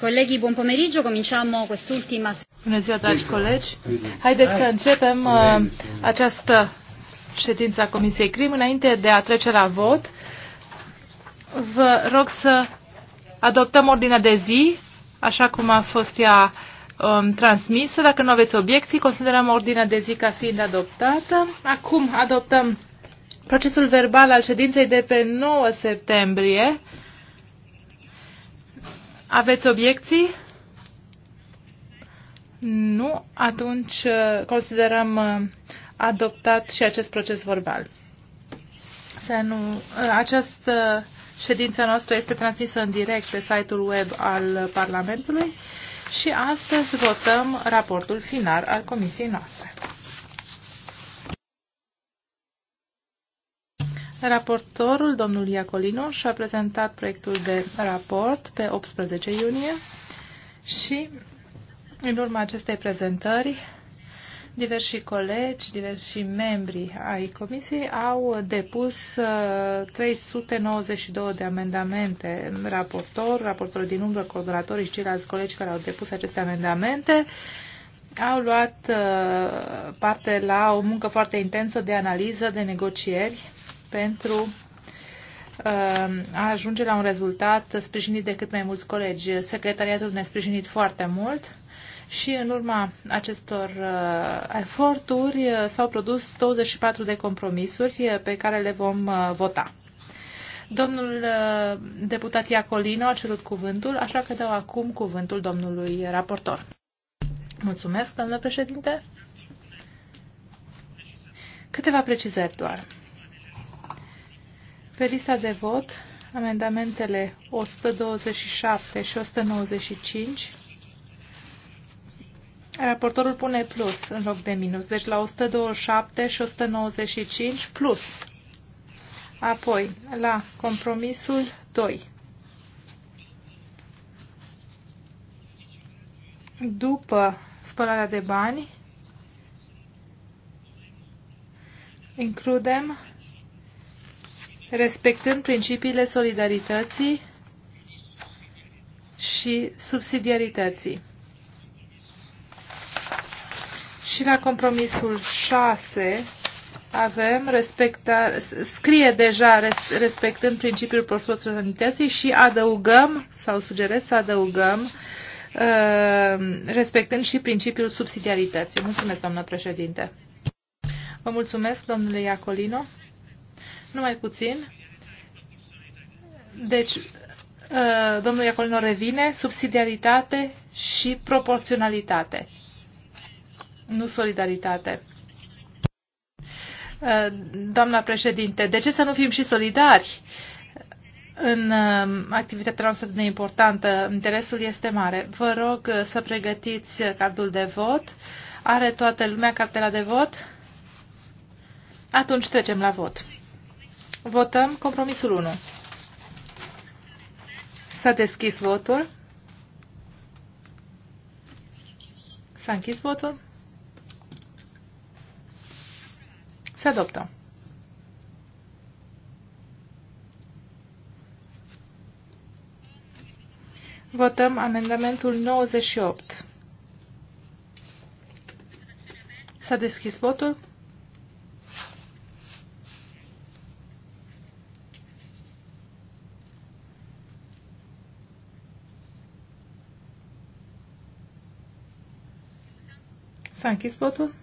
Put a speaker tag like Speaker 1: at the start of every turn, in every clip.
Speaker 1: Colegii, buon pomeriggio, cominciamo quest'ultima... Bună ziua, dragi colegi! Haideți să începem uh, această ședință a Comisiei Crim.
Speaker 2: Înainte de a trece la vot, vă rog să adoptăm ordinea de zi, așa cum a fost ea um, transmisă. Dacă nu aveți obiecții, considerăm ordinea de zi ca fiind adoptată. Acum adoptăm procesul verbal al ședinței de pe 9 septembrie aveți obiecții? Nu? Atunci uh, considerăm uh, adoptat și acest proces verbal. Să nu, uh, această ședință noastră este transmisă în direct pe site-ul web al Parlamentului și astăzi votăm raportul final al comisiei noastre. Raportorul, domnul Iacolino, și-a prezentat proiectul de raport pe 18 iunie și, în urma acestei prezentări, diversi colegi, diversi membri ai comisiei au depus 392 uh, de amendamente. Raportor, raportorul din umbră, coordonatorii și ceilalți colegi care au depus aceste amendamente au luat uh, parte la o muncă foarte intensă de analiză, de negocieri pentru um, a ajunge la un rezultat sprijinit de cât mai mulți colegi. Secretariatul ne-a sprijinit foarte mult și în urma acestor uh, eforturi uh, s-au produs 24 de compromisuri uh, pe care le vom vota. Domnul deputat Iacolino a cerut cuvântul, așa că dau acum cuvântul domnului raportor. Mulțumesc, domnule președinte. Câteva precizări doar. Pe lista de vot, amendamentele 127 și 195, raportorul pune plus în loc de minus, deci la 127 și 195 plus. Apoi, la compromisul 2. După spălarea de bani, includem respectând principiile solidarității și subsidiarității. Și la compromisul 6 avem respecta, scrie deja respectând principiul proporționalității și adăugăm sau sugerez să adăugăm uh, respectând și principiul subsidiarității. Mulțumesc, doamnă președinte. Vă mulțumesc, domnule Iacolino numai puțin. Deci, uh, domnul Iacolino revine, subsidiaritate și proporționalitate, nu solidaritate. Uh, doamna președinte, de ce să nu fim și solidari? în uh, activitatea noastră de importantă. Interesul este mare. Vă rog să pregătiți cardul de vot. Are toată lumea cartela de vot? Atunci trecem la vot. Votăm compromisul 1. S-a deschis votul. S-a închis votul. Se adoptă. Votăm amendamentul 98. S-a deschis votul. S-a închis votul?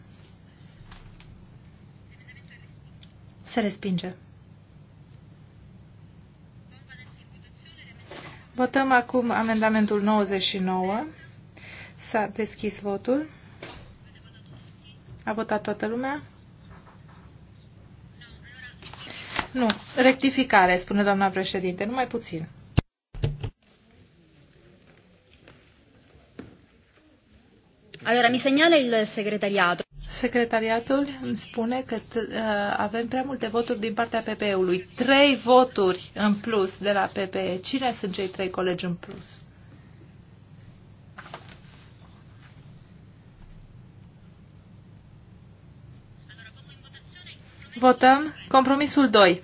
Speaker 2: Se respinge. Votăm acum amendamentul 99. S-a deschis votul. A votat toată lumea? Nu. Rectificare, spune doamna președinte. Numai puțin.
Speaker 1: Allora, mi segnala il segretariato. Secretariatul îmi spune că uh, avem prea multe voturi din partea
Speaker 2: PPE-ului. Trei voturi în plus de la PPE. Cine sunt cei trei colegi în plus? Votăm compromisul 2.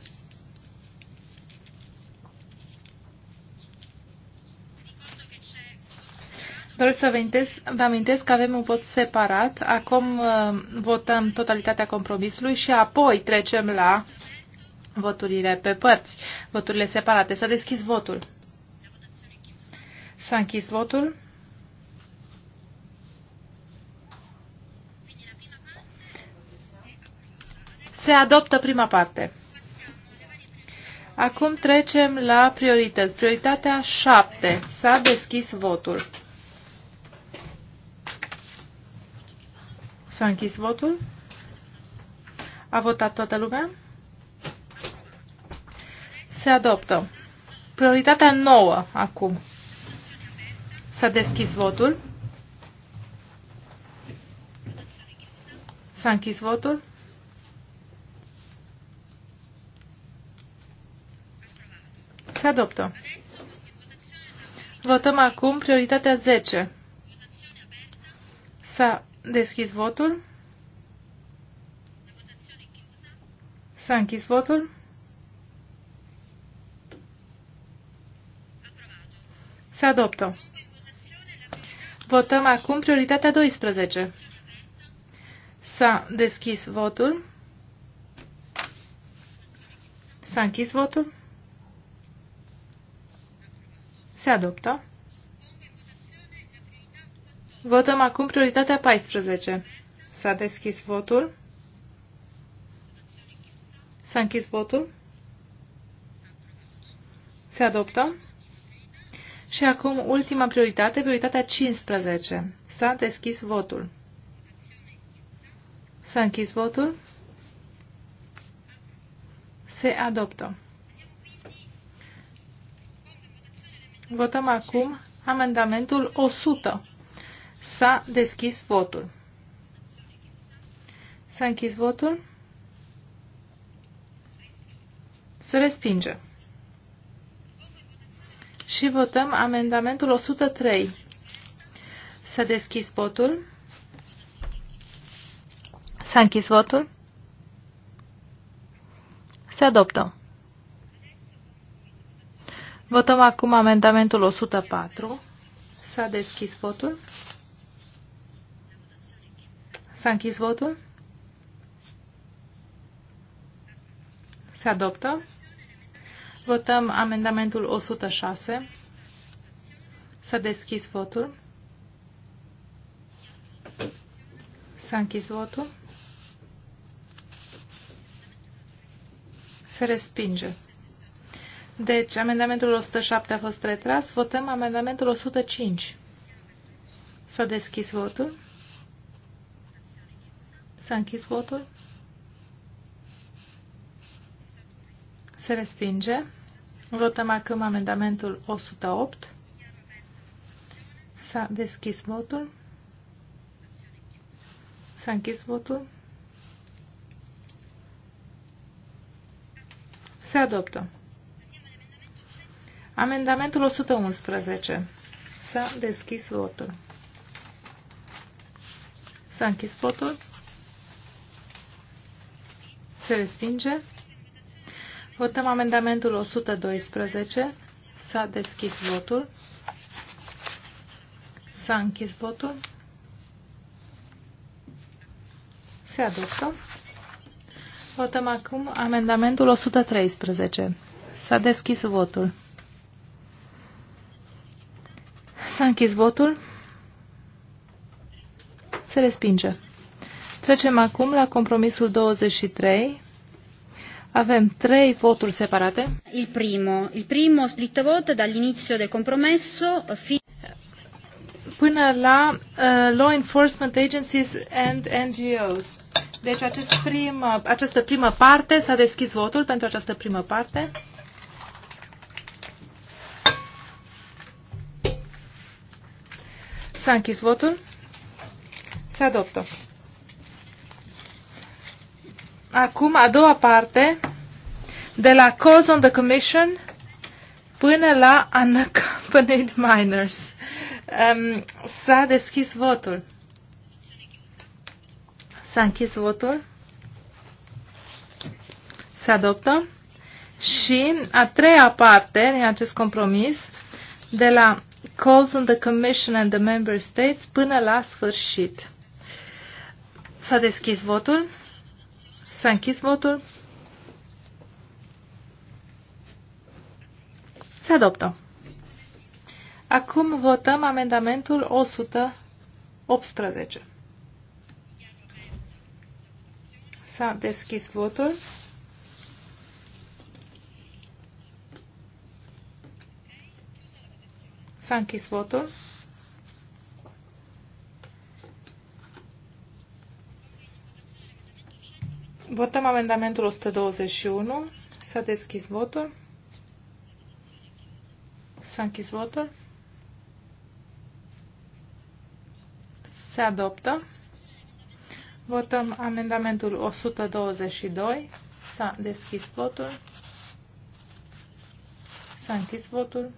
Speaker 2: Doresc să vă amintesc, vă amintesc că avem un vot separat. Acum uh, votăm totalitatea compromisului și apoi trecem la voturile pe părți, voturile separate. S-a deschis votul. S-a închis votul. Se adoptă prima parte. Acum trecem la priorități. Prioritatea 7. S-a deschis votul. S-a închis votul. A votat toată lumea? Se adoptă. Prioritatea nouă acum. S-a deschis votul. S-a închis votul. Se adoptă. Votăm acum prioritatea 10. S-a Deschis votul. S-a închis votul. Se adoptă. Votăm acum prioritatea 12. S-a deschis votul. S-a închis votul. Se adoptă. Votăm acum prioritatea 14. S-a deschis votul. S-a închis votul. Se adoptă. Și acum ultima prioritate, prioritatea 15. S-a deschis votul. S-a închis votul. Se adoptă. Votăm acum amendamentul 100. S-a deschis votul. S-a închis votul. Se respinge. Și votăm amendamentul 103. S-a deschis votul. S-a închis votul. Se adoptă. Votăm acum amendamentul 104. S-a deschis votul. S-a închis votul. Se adoptă. Votăm amendamentul 106. S-a deschis votul. S-a închis votul. Se respinge. Deci, amendamentul 107 a fost retras. Votăm amendamentul 105. S-a deschis votul. S-a închis votul. Se respinge. Votăm acum amendamentul 108. S-a deschis votul. S-a închis votul. Se adoptă. Amendamentul 111. S-a deschis votul. S-a închis votul. Se respinge. Votăm amendamentul 112. S-a deschis votul. S-a închis votul. Se adoptă. Votăm acum amendamentul 113. S-a deschis votul. S-a închis votul. Se respinge. Trecem acum la compromisul 23. Avem
Speaker 1: trei voturi separate. Il primo, il primo split vote dall'inizio del compromesso fino până la uh, Law Enforcement Agencies
Speaker 2: and NGOs. Deci acest prim, uh, această primă parte, s-a deschis votul pentru această primă parte. S-a închis votul. Se adoptă. Acum, a doua parte, de la calls on the commission până la unaccompanied minors. Um, ehm, s-a deschis votul. S-a închis votul. Se adoptă. Și a treia parte din acest compromis, de la calls on the commission and the member states până la sfârșit. S-a deschis votul. S-a închis votul. Se adoptă. Acum votăm amendamentul 118. S-a deschis votul. S-a închis votul. Votăm amendamentul 121. S-a deschis votul. S-a închis votul. Se adoptă. Votăm amendamentul 122. S-a deschis votul. S-a închis votul.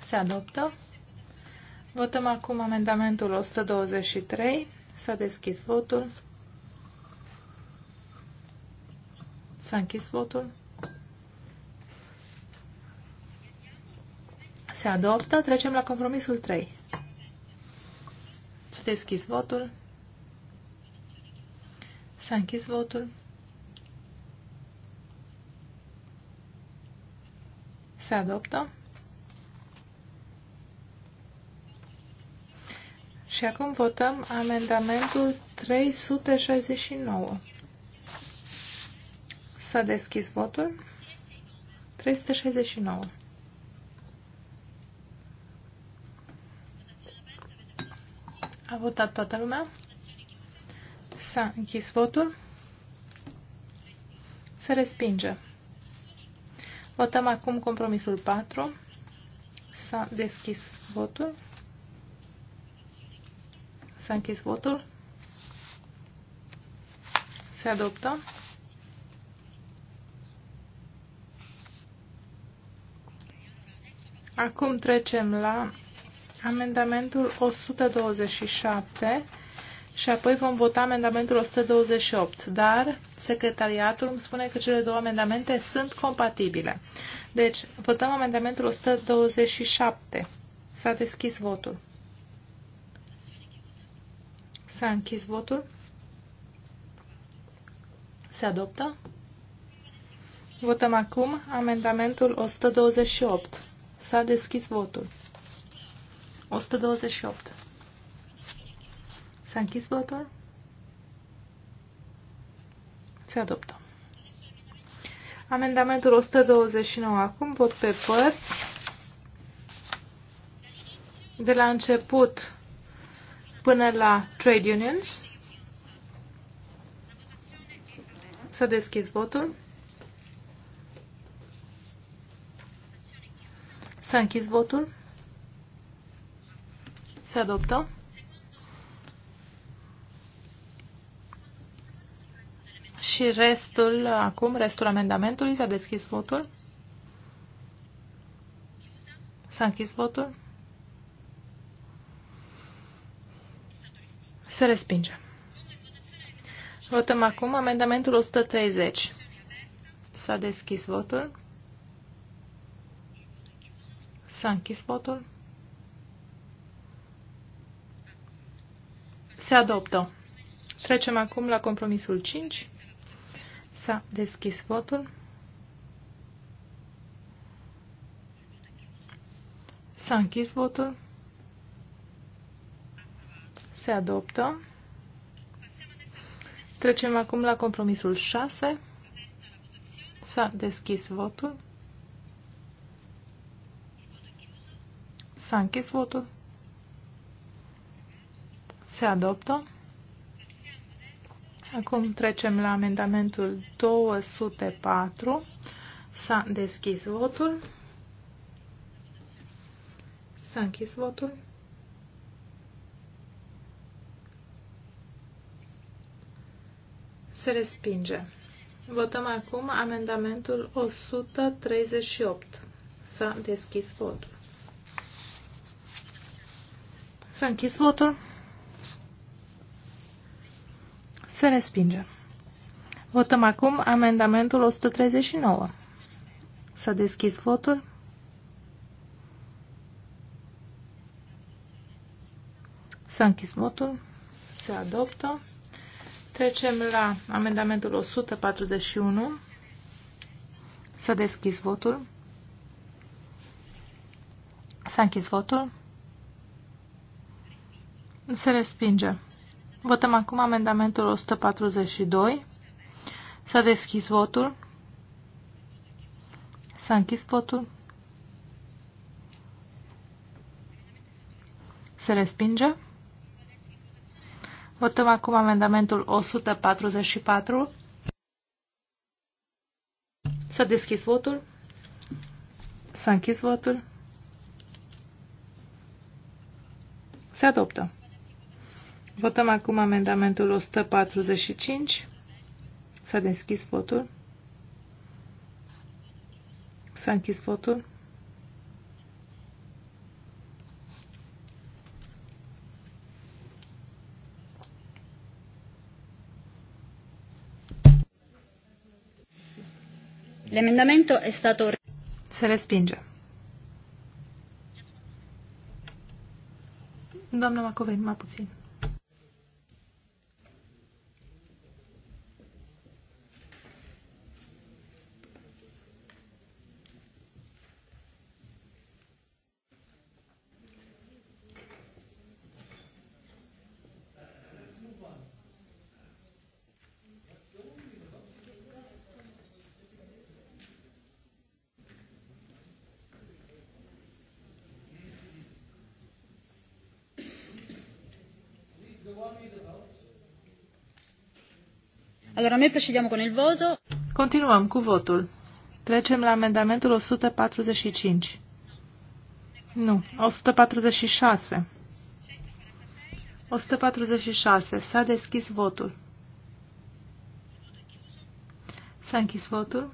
Speaker 2: Se adoptă. Votăm acum amendamentul 123. S-a deschis votul. S-a închis votul. Se adoptă. Trecem la compromisul 3. S-a deschis votul. S-a închis votul. Se adoptă. Și acum votăm amendamentul 369. S-a deschis votul. 369. A votat toată lumea. S-a închis votul. Se respinge. Votăm acum compromisul 4. S-a deschis votul. S-a închis votul. Se adoptă. Acum trecem la amendamentul 127 și apoi vom vota amendamentul 128, dar secretariatul îmi spune că cele două amendamente sunt compatibile. Deci, votăm amendamentul 127. S-a deschis votul. S-a închis votul. Se adoptă. Votăm acum amendamentul 128. S-a deschis votul. 128. S-a închis votul. Se adoptă. Amendamentul 129. Acum vot pe părți. De la început până la trade unions. Să deschis votul. S-a închis votul. Se adoptă. Și restul, acum, restul amendamentului, s-a deschis votul. S-a închis votul. Se respinge. Votăm acum amendamentul 130. S-a deschis votul. S-a închis votul. Se adoptă. Trecem acum la compromisul 5. S-a deschis votul. S-a închis votul. Se adoptă. Trecem acum la compromisul 6. S-a deschis votul. S-a închis votul. Se adoptă. Acum trecem la amendamentul 204. S-a deschis votul. S-a închis votul. se respinge. Votăm acum amendamentul 138. S-a deschis votul. S-a închis votul. Se respinge. Votăm acum amendamentul 139. S-a deschis votul. S-a închis votul. Se adoptă. Trecem la amendamentul 141. Să deschis votul. S-a închis votul. Se respinge. Votăm acum amendamentul 142. S-a deschis votul. S-a închis votul. Se respinge. Votăm acum amendamentul 144. S-a deschis votul. S-a închis votul. Se adoptă. Votăm acum amendamentul 145. S-a deschis votul. S-a închis votul.
Speaker 1: L'emendamento è stato... Se respinge.
Speaker 2: Doamna Macovei, mai puțin.
Speaker 1: Allora, noi procediamo con il voto. Continuăm cu votul. Trecem la amendamentul
Speaker 2: 145. Nu, 146. 146. S-a deschis votul. S-a închis votul.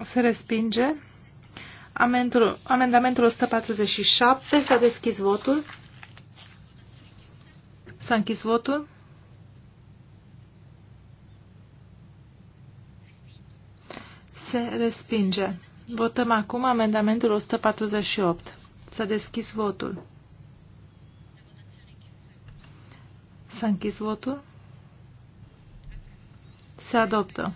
Speaker 2: Se respinge. Amendul, amendamentul 147. S-a deschis votul. S-a închis votul. Se respinge. Votăm acum amendamentul 148. S-a deschis votul. S-a închis votul. Se adoptă.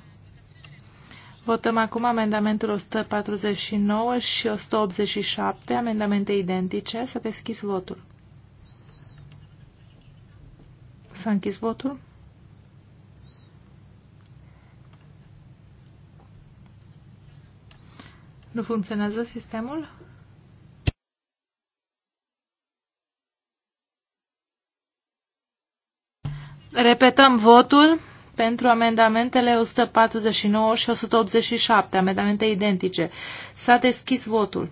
Speaker 2: Votăm acum amendamentul 149 și 187, amendamente identice. S-a deschis votul. S-a închis votul. Nu funcționează sistemul? Repetăm votul pentru amendamentele 149 și 187, amendamente identice. S-a deschis votul.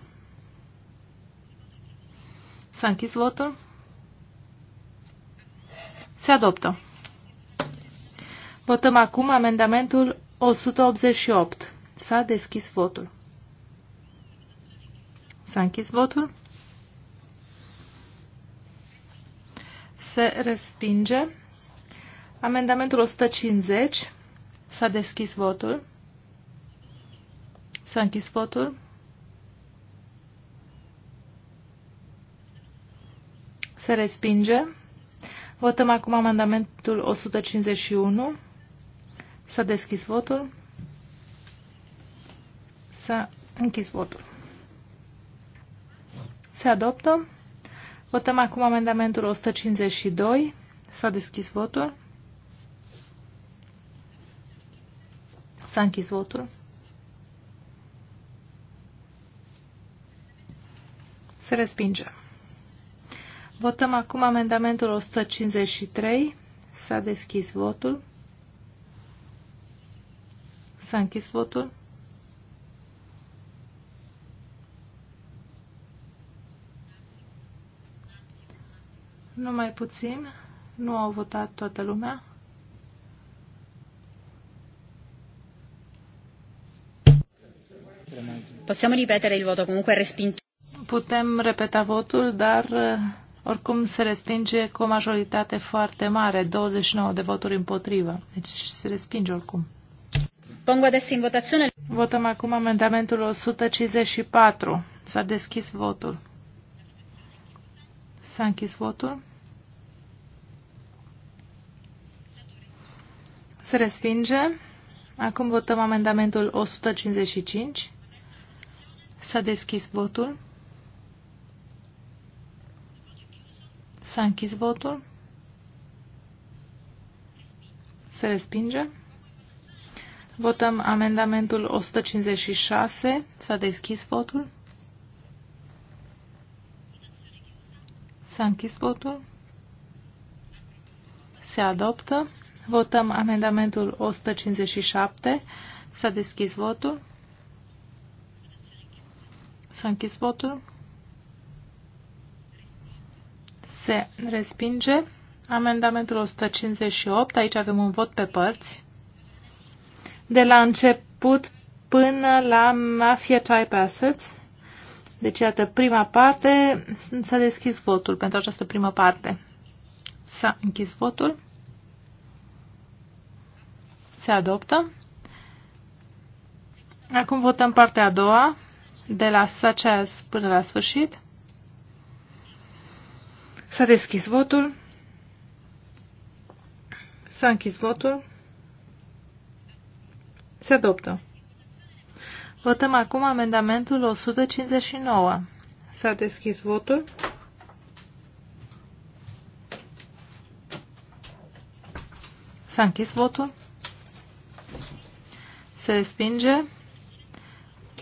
Speaker 2: S-a închis votul? Se adoptă. Votăm acum amendamentul 188. S-a deschis votul. S-a închis votul. Se respinge. Amendamentul 150. S-a deschis votul. S-a închis votul. Se respinge. Votăm acum amendamentul 151. S-a deschis votul. S-a închis votul. Se adoptă. Votăm acum amendamentul 152. S-a deschis votul. S-a închis votul. Se respinge. Votăm acum amendamentul 153. S-a deschis votul. S-a închis votul. Numai puțin.
Speaker 1: Nu au votat toată lumea.
Speaker 2: Putem repeta votul, dar oricum se respinge cu o majoritate foarte mare, 29 de voturi împotrivă. Deci se respinge oricum. Pongo adesso in votazione. Votăm acum amendamentul 154. S-a deschis votul. S-a închis votul. Se respinge. Acum votăm amendamentul 155. S-a deschis votul. S-a închis votul. Se respinge. Votăm amendamentul 156. S-a deschis votul. S-a închis votul. Se adoptă. Votăm amendamentul 157. S-a deschis votul. S-a închis votul. Se respinge. Amendamentul 158, aici avem un vot pe părți. De la început până la Mafia Type Assets. Deci, iată, prima parte, s-a deschis votul pentru această primă parte. S-a închis votul. Se adoptă. Acum votăm partea a doua, de la such as până la sfârșit. S-a deschis votul. S-a închis votul. Se adoptă. Votăm acum amendamentul 159. S-a deschis votul. S-a închis votul. Se respinge.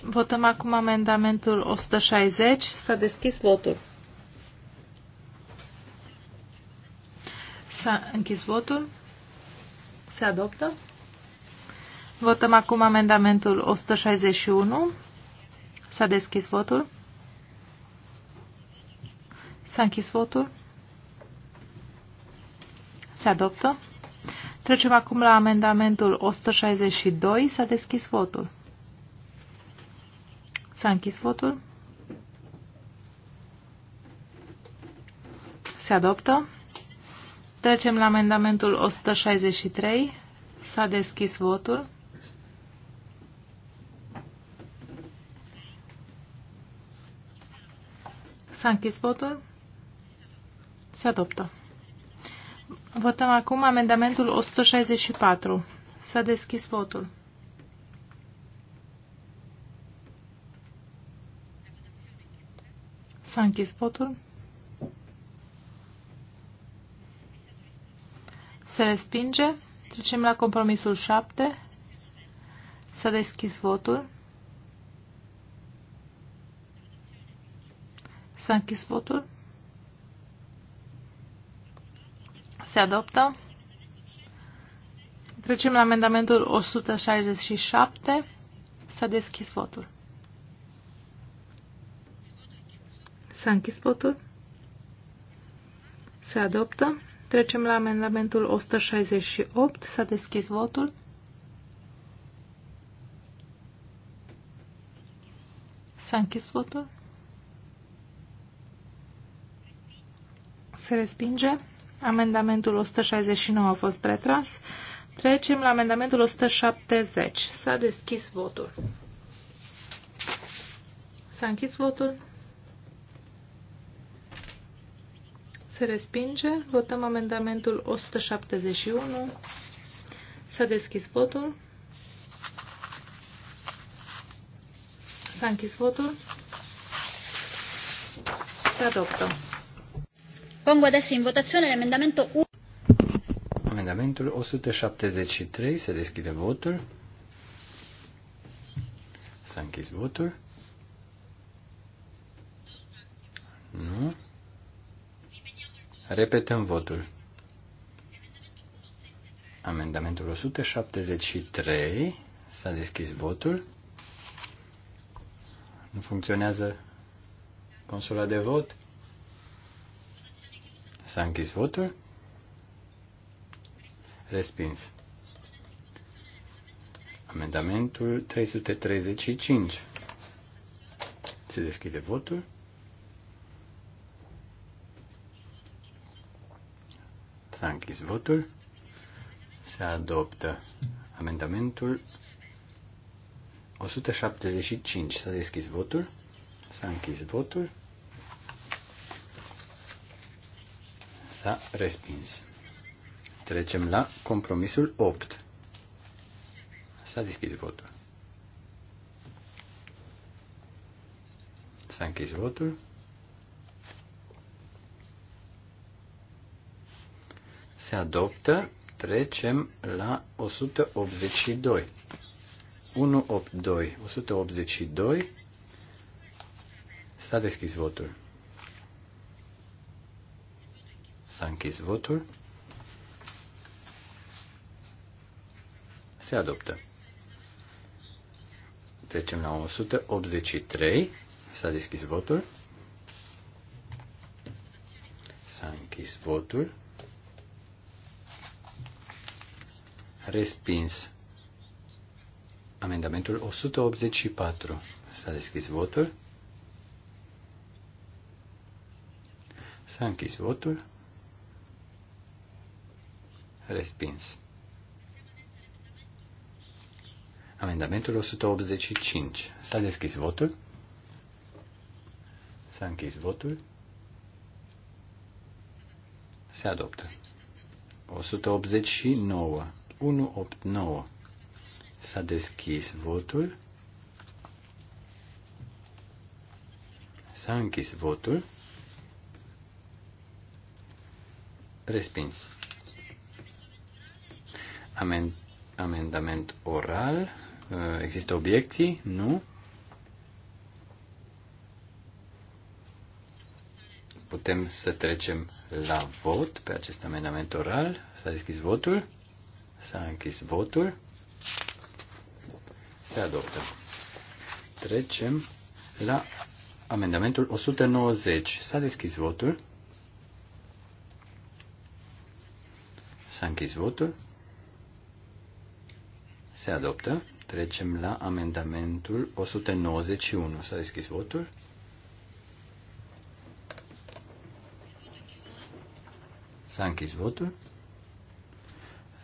Speaker 2: Votăm acum amendamentul 160. S-a deschis votul. S-a închis votul. Se adoptă. Votăm acum amendamentul 161. S-a deschis votul. S-a închis votul. Se adoptă. Trecem acum la amendamentul 162. S-a deschis votul. S-a închis votul. Se adoptă. Trecem la amendamentul 163. S-a deschis votul. S-a închis votul. Se adoptă. Votăm acum amendamentul 164. S-a deschis votul. S-a închis votul. Se respinge. Trecem la compromisul 7. S-a deschis votul. S-a închis votul. Se adoptă. Trecem la amendamentul 167. S-a deschis votul. S-a închis votul. Se adoptă. Trecem la amendamentul 168. S-a deschis votul. S-a închis votul. Se respinge. Amendamentul 169 a fost retras. Trecem la amendamentul 170. S-a deschis votul. S-a închis votul. Se respinge. Votăm amendamentul 171. S-a deschis votul.
Speaker 1: S-a închis votul. Se adoptă. Pongo adesso in votazione l'emendamento 1.
Speaker 3: Amendamentul 173. Se deschide votul. S-a închis votul. Repetăm votul. Amendamentul 173. S-a deschis votul. Nu funcționează consola de vot. S-a închis votul. Respins. Amendamentul 335. Se deschide votul. S-a închis votul. Se adoptă amendamentul 175. S-a deschis votul. S-a închis votul. S-a respins. Trecem la compromisul 8. S-a deschis votul. S-a închis votul. Se adoptă. Trecem la 182. 182. 182. S-a deschis votul. S-a închis votul. Se adoptă. Trecem la 183. S-a deschis votul. S-a închis votul. Respins. Amendamentul 184. S-a deschis votul. S-a închis votul. Respins. Amendamentul 185. S-a deschis votul. S-a închis votul. Se adoptă. 189. 189. S-a deschis votul. S-a închis votul. Respins. Amen, amendament oral. Uh, există obiecții? Nu. Putem să trecem la vot pe acest amendament oral. S-a deschis votul. S-a închis votul. Se adoptă. Trecem la amendamentul 190. S-a deschis votul. S-a închis votul. Se adoptă. Trecem la amendamentul 191. S-a deschis votul. S-a închis votul.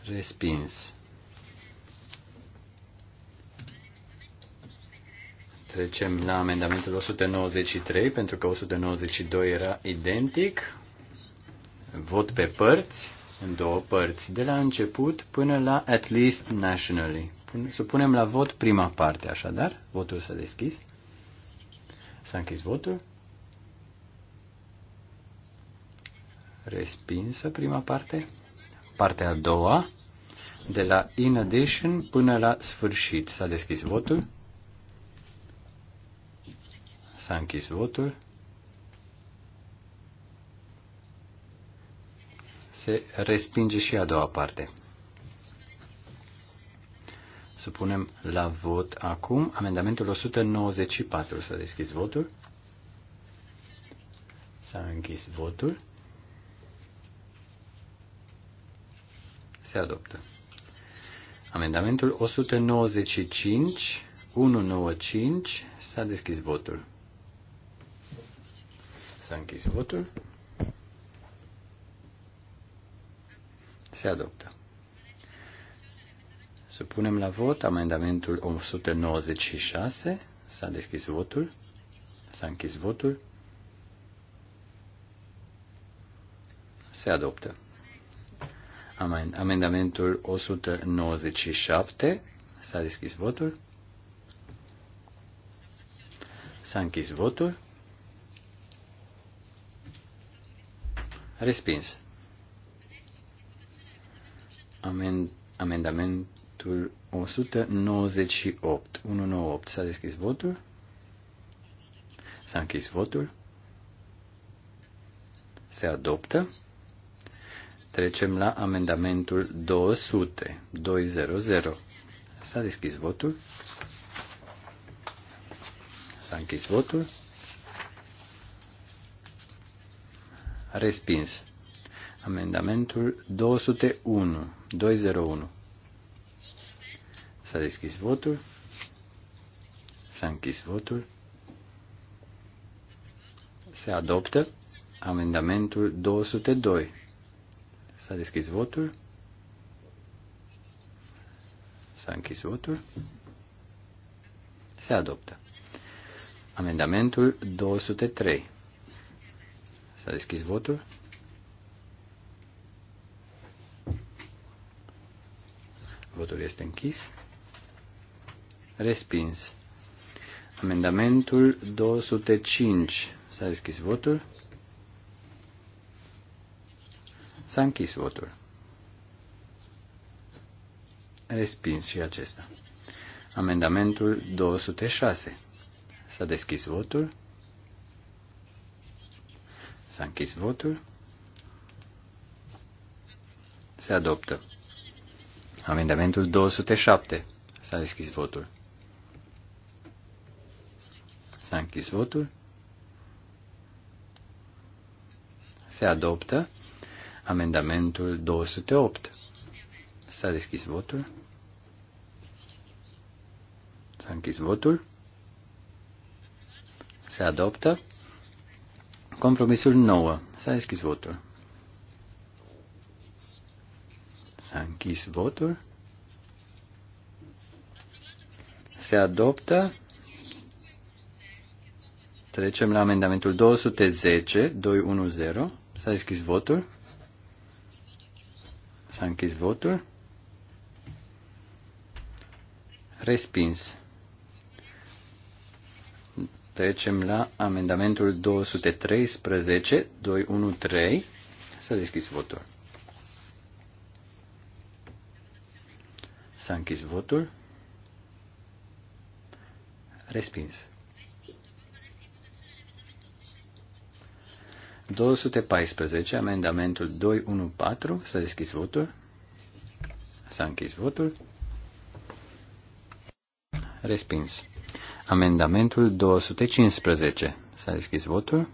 Speaker 3: Respins. Trecem la amendamentul 193, pentru că 192 era identic. Vot pe părți, în două părți, de la început până la at least nationally. Supunem la vot prima parte, așadar. Votul s-a deschis. S-a închis votul. Respinsă prima parte partea a doua, de la in addition până la sfârșit. S-a deschis votul. S-a închis votul. Se respinge și a doua parte. Supunem la vot acum amendamentul 194. S-a deschis votul. S-a închis votul. se adoptă. Amendamentul 195, 195, s-a deschis votul. S-a închis votul. Se adoptă. Supunem la vot amendamentul 196. S-a deschis votul. S-a închis votul. Se adoptă. Amendamentul 197. S-a deschis votul. S-a închis votul. Respins. Amend amendamentul 198. 198. S-a deschis votul. S-a închis votul. Se adoptă. Trecem la amendamentul 200. 200. S-a deschis votul. S-a închis votul. Respins. Amendamentul 201. 201. S-a deschis votul. S-a închis votul. Se adoptă amendamentul 202. S-a deschis votul. S-a închis votul. Se adoptă. Amendamentul 203. S-a deschis votul. Votul este închis. Respins. Amendamentul 205. S-a deschis votul. S-a închis votul. Respins și acesta. Amendamentul 206. S-a deschis votul. S-a închis votul. Se adoptă. Amendamentul 207. S-a deschis votul. S-a închis votul. Se adoptă amendamentul 208. S-a deschis votul. S-a închis votul. Se adoptă. Compromisul 9. S-a deschis votul. S-a închis votul. Se adoptă. Trecem la amendamentul 210, 210. S-a deschis votul. S-a închis votul. Respins. Trecem la amendamentul 213, 213. S-a deschis votul. S-a închis votul. Respins. 214, amendamentul 214, s-a deschis votul. S-a închis votul. Respins. Amendamentul 215. S-a deschis votul.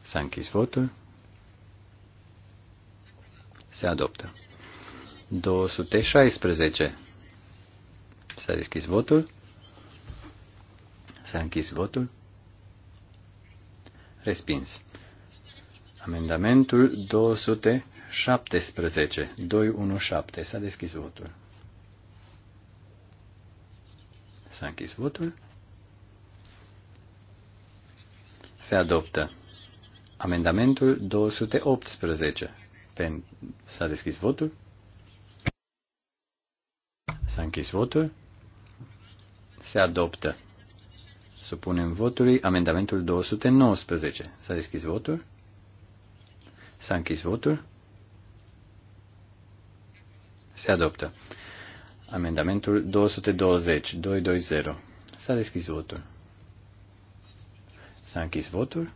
Speaker 3: S-a închis votul. Se adoptă. 216. S-a deschis votul. S-a închis votul. Respins. Amendamentul 217. 217. S-a deschis votul. S-a închis votul. Se adoptă. Amendamentul 218. Pen... S-a deschis votul. S-a închis votul. Se adoptă. Supunem votului amendamentul 219. S-a deschis votul? S-a închis votul? Se adoptă. Amendamentul 220. 220. S-a deschis votul. S-a închis votul?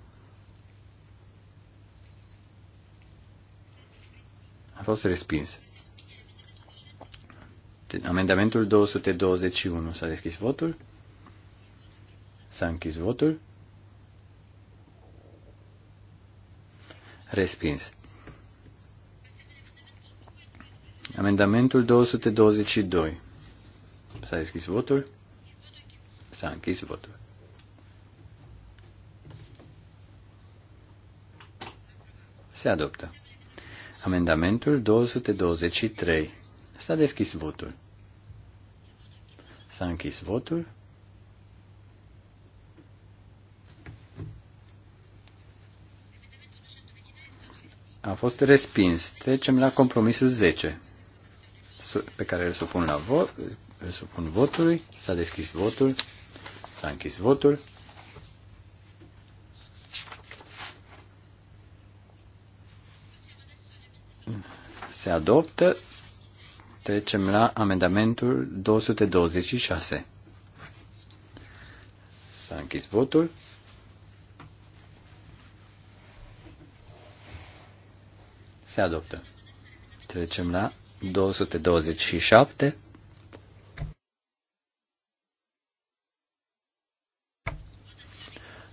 Speaker 3: A fost respins. Amendamentul 221. S-a deschis votul? S-a închis votul. Respins. Amendamentul 222. S-a deschis votul. S-a închis votul. Se adoptă. Amendamentul 223. S-a deschis votul. S-a închis votul. a fost respins. Trecem la compromisul 10, pe care îl supun, la vot, îl supun votului. S-a deschis votul, s-a închis votul. Se adoptă. Trecem la amendamentul 226. S-a închis votul. Se adoptă. Trecem la 227.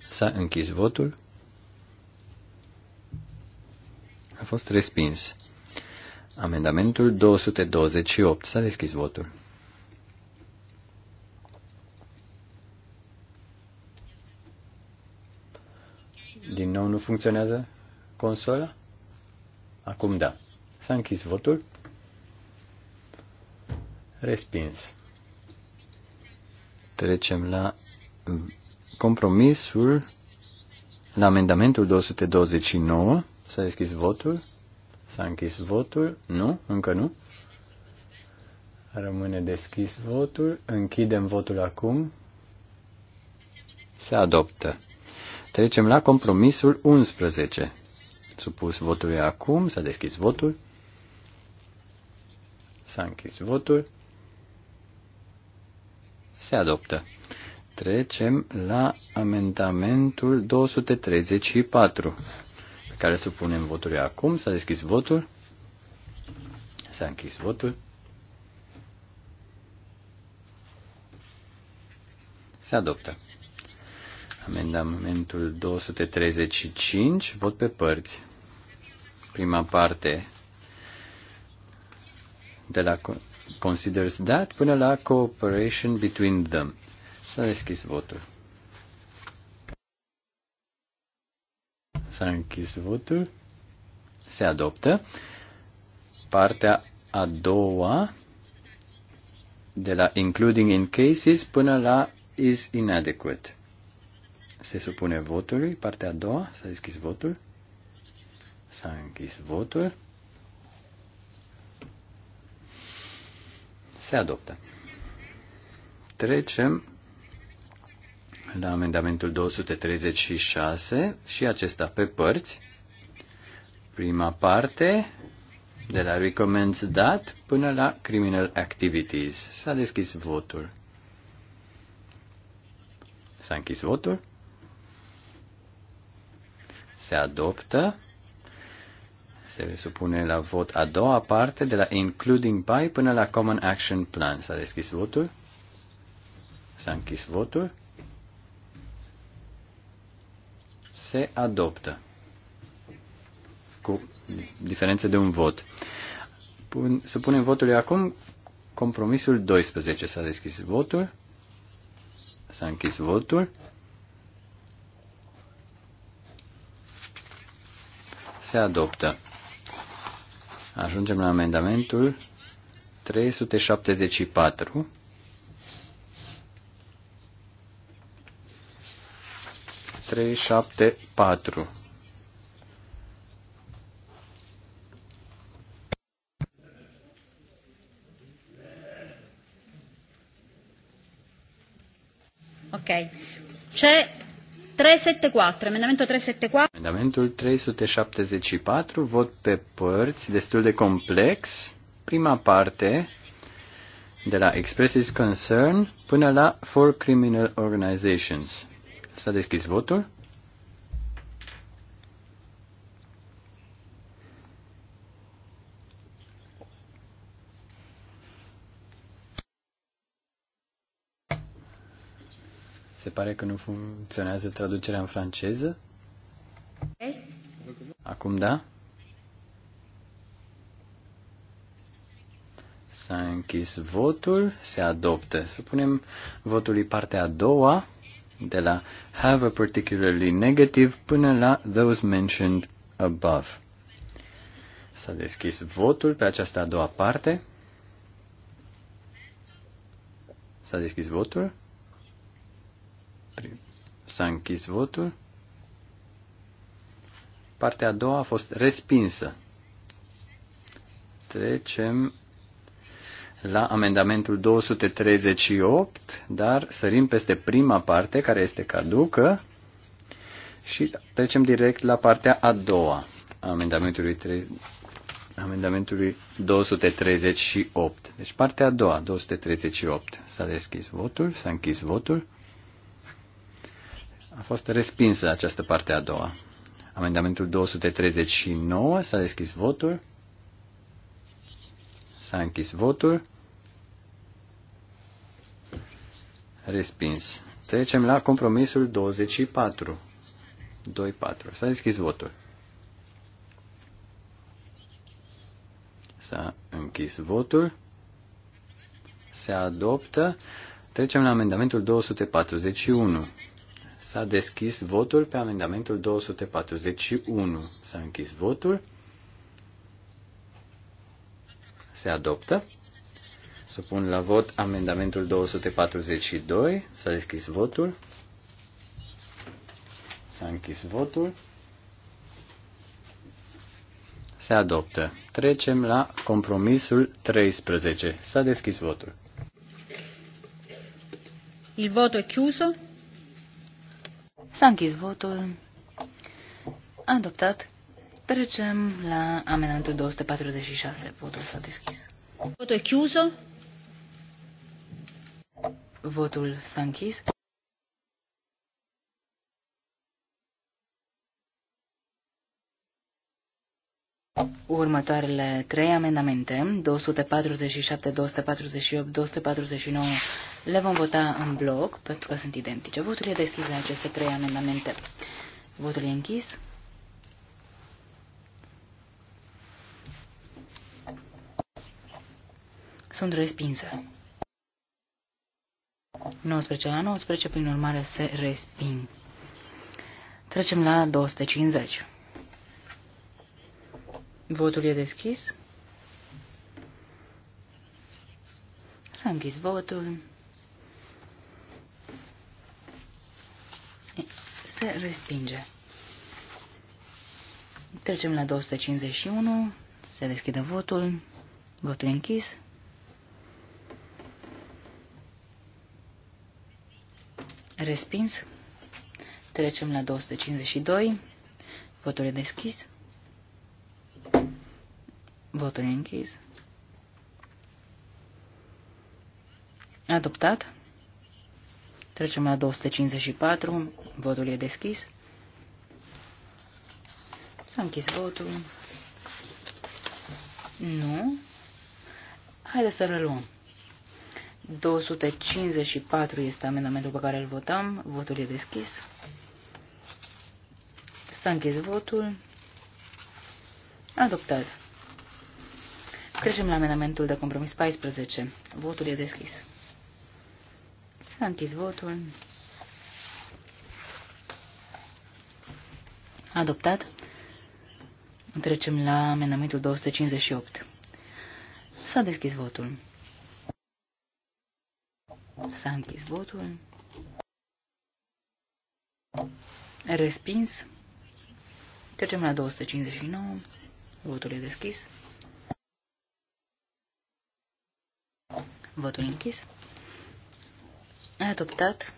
Speaker 3: S-a închis votul. A fost respins. Amendamentul 228. S-a deschis votul. Din nou nu funcționează consola? Acum da. S-a închis votul. Respins. Trecem la compromisul, la amendamentul 229. S-a deschis votul. S-a închis votul. Nu, încă nu. Rămâne deschis votul. Închidem votul acum. Se adoptă. Trecem la compromisul 11 supus votului acum. S-a deschis votul. S-a închis votul. Se adoptă. Trecem la amendamentul 234, pe care supunem votului acum. S-a deschis votul. S-a închis votul. Se adoptă. Amendamentul 235, vot pe părți prima parte de la considers that până la cooperation between them. S-a deschis votul. S-a închis votul. Se adoptă. Partea a doua de la including in cases până la is inadequate. Se supune votului. Partea a doua. S-a deschis votul. S-a închis votul. Se adoptă. Trecem la amendamentul 236 și acesta pe părți. Prima parte, de la recommends that până la criminal activities. S-a deschis votul. S-a închis votul. Se adoptă se supune la vot a doua parte, de la Including By până la Common Action Plan. S-a deschis votul. S-a închis votul. Se adoptă. Cu diferență de un vot. Pun, supunem votului acum compromisul 12. S-a deschis votul. S-a închis votul. Se adoptă. Ajungem la amendamentul 374. Trei, șapte, patru.
Speaker 1: Ok. Ce 374, emendamentul 374.
Speaker 3: Amendamentul 374, vot pe părți, destul de complex. Prima parte, de la Expresses Concern până la For Criminal Organizations. S-a deschis votul. pare că nu funcționează traducerea în franceză. Acum da? S-a închis votul, se adoptă. Să punem votului partea a doua, de la have a particularly negative până la those mentioned above. S-a deschis votul pe această a doua parte. S-a deschis votul. S-a închis votul. Partea a doua a fost respinsă. Trecem la amendamentul 238, dar sărim peste prima parte, care este caducă, și trecem direct la partea a doua a amendamentului, tre- amendamentului 238. Deci partea a doua, 238. S-a deschis votul, s-a închis votul. A fost respinsă această parte a doua. Amendamentul 239 s-a deschis votul. S-a închis votul. Respins. Trecem la compromisul 24. 24. S-a deschis votul. S-a închis votul. Se adoptă. Trecem la amendamentul 241. S-a deschis votul pe amendamentul 241. S-a închis votul. Se adoptă. Supun la vot amendamentul 242. S-a deschis votul. S-a închis votul. Se adoptă. Trecem la compromisul 13. S-a deschis votul.
Speaker 1: Il voto è chiuso. S-a închis
Speaker 4: votul. Adoptat. Trecem la amenantul 246. Votul s-a deschis.
Speaker 1: Votul e chiuso.
Speaker 4: Votul s-a închis. următoarele trei amendamente, 247, 248, 249, le vom vota în bloc pentru că sunt identice. Votul e deschis la aceste trei amendamente. Votul e închis. Sunt respinse. 19 la 19, prin urmare, se resping. Trecem la 250. Votul e deschis. S-a închis votul. Se respinge. Trecem la 251. Se deschide votul. Votul închis. Respins. Trecem la 252. Votul e deschis. Votul e închis. Adoptat. Trecem la 254. Votul e deschis. S-a închis votul. Nu. Haideți să reluăm. 254 este amendamentul pe care îl votăm. Votul e deschis. S-a închis votul. Adoptat. Trecem la amendamentul de compromis 14. Votul e deschis. S-a închis votul. Adoptat. Trecem la amendamentul 258. S-a deschis votul. S-a închis votul. Respins. Trecem la 259. Votul e deschis. Votul închis. Adoptat.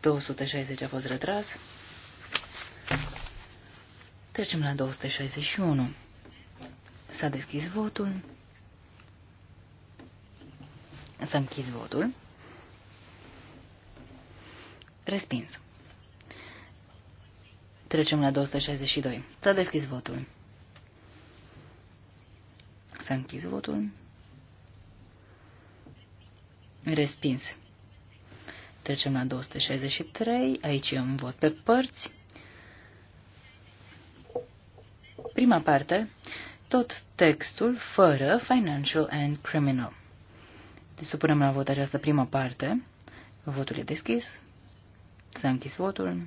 Speaker 4: 260 a fost retras. Trecem la 261. S-a deschis votul. S-a închis votul. Respins. Trecem la 262. S-a deschis votul. S-a închis votul. Respins. Trecem la 263. Aici e un vot pe părți. Prima parte, tot textul fără Financial and Criminal. Deci supunem la vot această prima parte. Votul e deschis. S-a închis votul.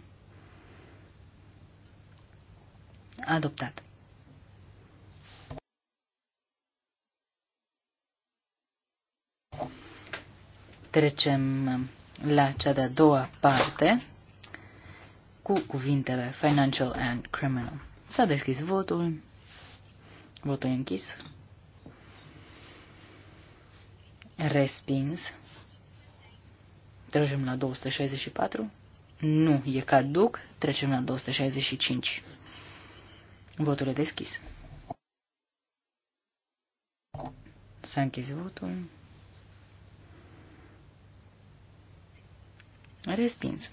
Speaker 4: Adoptat. Trecem la cea de-a doua parte cu cuvintele Financial and Criminal. S-a deschis votul. Votul e închis. Respins. Trecem la 264. Nu e caduc. Trecem la 265. Votul e deschis. S-a închis votul. Respins.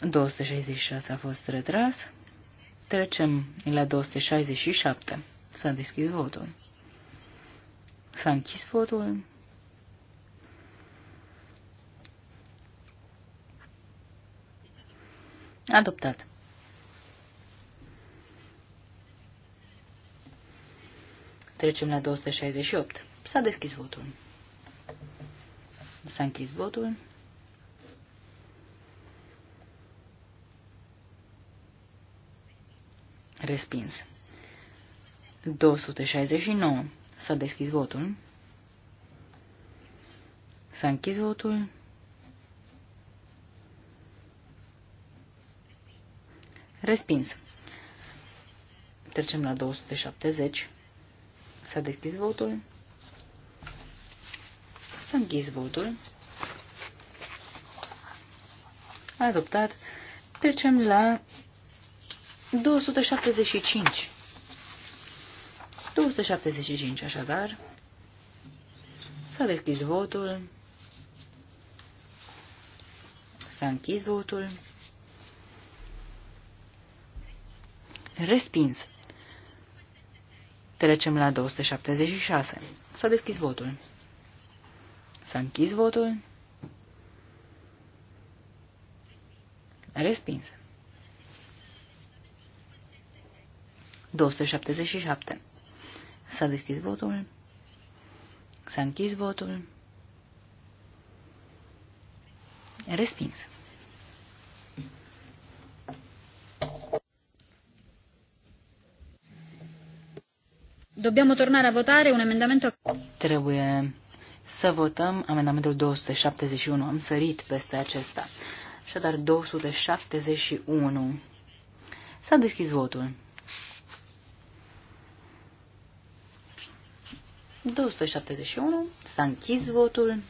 Speaker 4: 266 a fost retras. Trecem la 267. S-a deschis votul. S-a închis votul. Adoptat. Trecem la 268. S-a deschis votul. S-a închis votul. Respins. 269. S-a deschis votul. S-a închis votul. Respins. Trecem la 270. S-a deschis votul. S-a închis votul. Adoptat. Trecem la 275. 275, așadar. S-a deschis votul. S-a închis votul. Respins. Trecem la 276. S-a deschis votul. S-a închis votul. Respins. 277. S-a deschis votul. S-a închis votul. Respins.
Speaker 1: Dobbiamo tornare a votare un emendamento...
Speaker 4: Trebuie să votăm amendamentul 271. Am sărit peste acesta. Așadar, 271. S-a deschis votul. 271. S-a închis votul.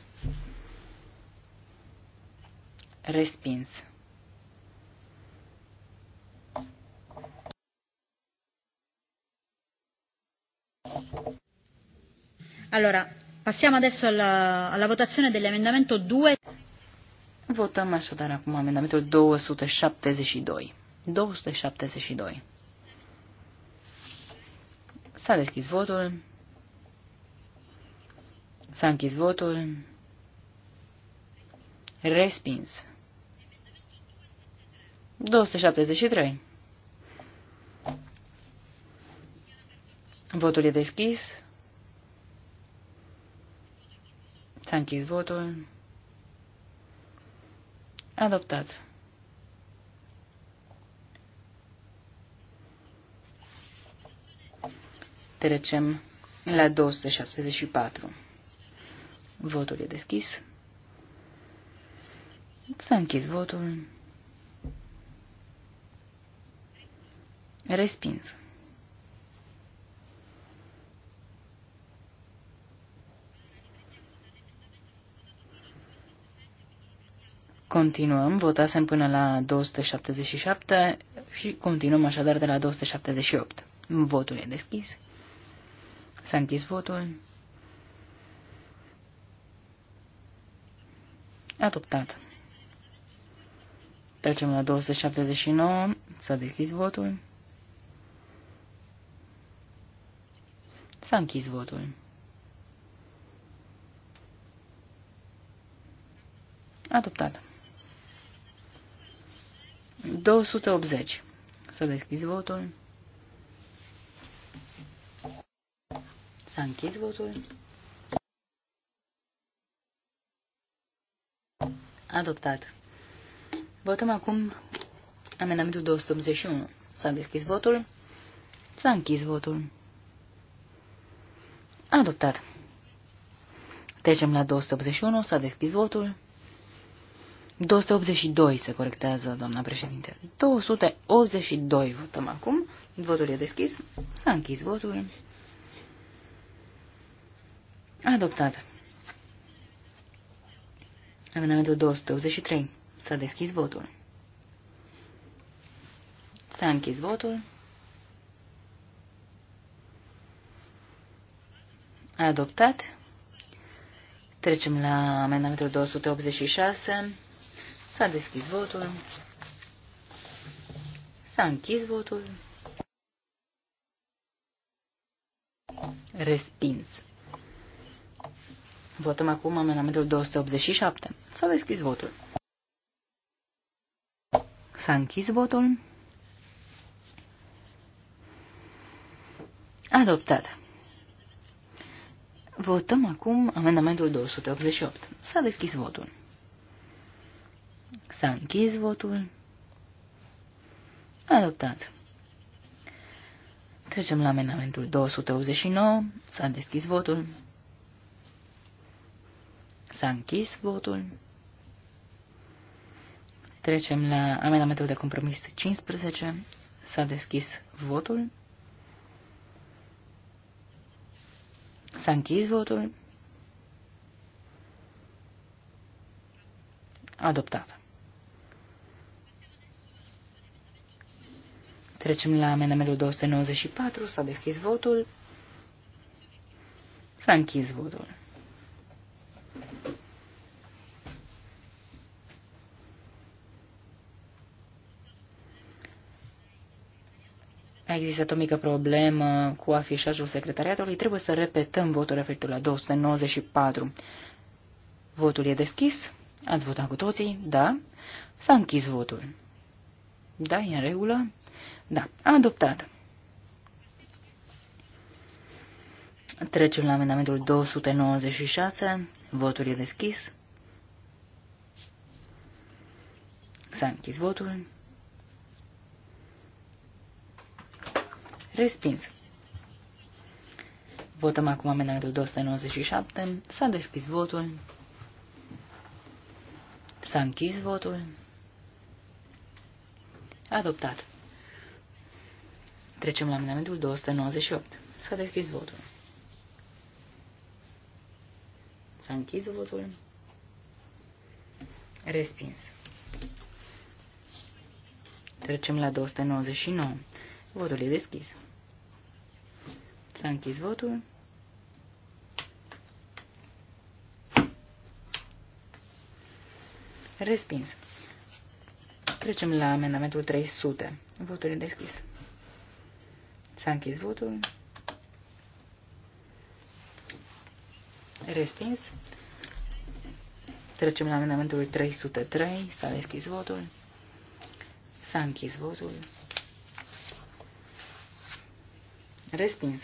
Speaker 4: Respins.
Speaker 1: Allora, passiamo adesso alla, alla votazione dell'emendamento 2.
Speaker 4: Votăm așadar acum amendamentul 272. 272. S-a deschis votul. S-a închis votul. Respins. 273. Votul e deschis. S-a închis votul. Adoptat. Trecem la 274. Votul e deschis. S-a închis votul. Respins. Continuăm, votasem până la 277 și continuăm așadar de la 278. Votul e deschis. S-a închis votul. Adoptat. Trecem la 279. Să deschizi votul. S-a închis votul. Adoptat. 280. Să deschizi votul. S-a închis votul. Adoptat. Votăm acum amendamentul 281. S-a deschis votul. S-a închis votul. Adoptat. Trecem la 281. S-a deschis votul. 282 se corectează, doamna președinte. 282 votăm acum. Votul e deschis. S-a închis votul. Adoptat. Amendamentul 283. S-a deschis votul. S-a închis votul. A adoptat. Trecem la amendamentul 286. S-a deschis votul. S-a închis votul. Respins. Votăm acum amendamentul 287. S-a deschis votul. S-a închis votul. Adoptat. Votăm acum amendamentul 288. S-a deschis votul. S-a închis votul. Adoptat. Trecem la amendamentul 289. S-a deschis votul. S-a închis votul. Trecem la amendamentul de compromis 15. S-a deschis votul. S-a închis votul. Adoptat. Trecem la amendamentul 294. S-a deschis votul. S-a închis votul. existat o mică problemă cu afișajul secretariatului. Trebuie să repetăm votul referitor la 294. Votul e deschis. Ați votat cu toții? Da. S-a închis votul. Da, e în regulă? Da. Adoptat. Trecem la amendamentul 296. Votul e deschis. S-a închis votul. Respins. Votăm acum amendamentul 297. S-a deschis votul. S-a închis votul. Adoptat. Trecem la amendamentul 298. S-a deschis votul. S-a închis votul. Respins. Trecem la 299. Votul e deschis. S-a închis votul. Respins. Trecem la amendamentul 300. Votul e deschis. S-a închis votul. Respins. Trecem la amendamentul 303. S-a deschis votul. S-a închis votul. Respins.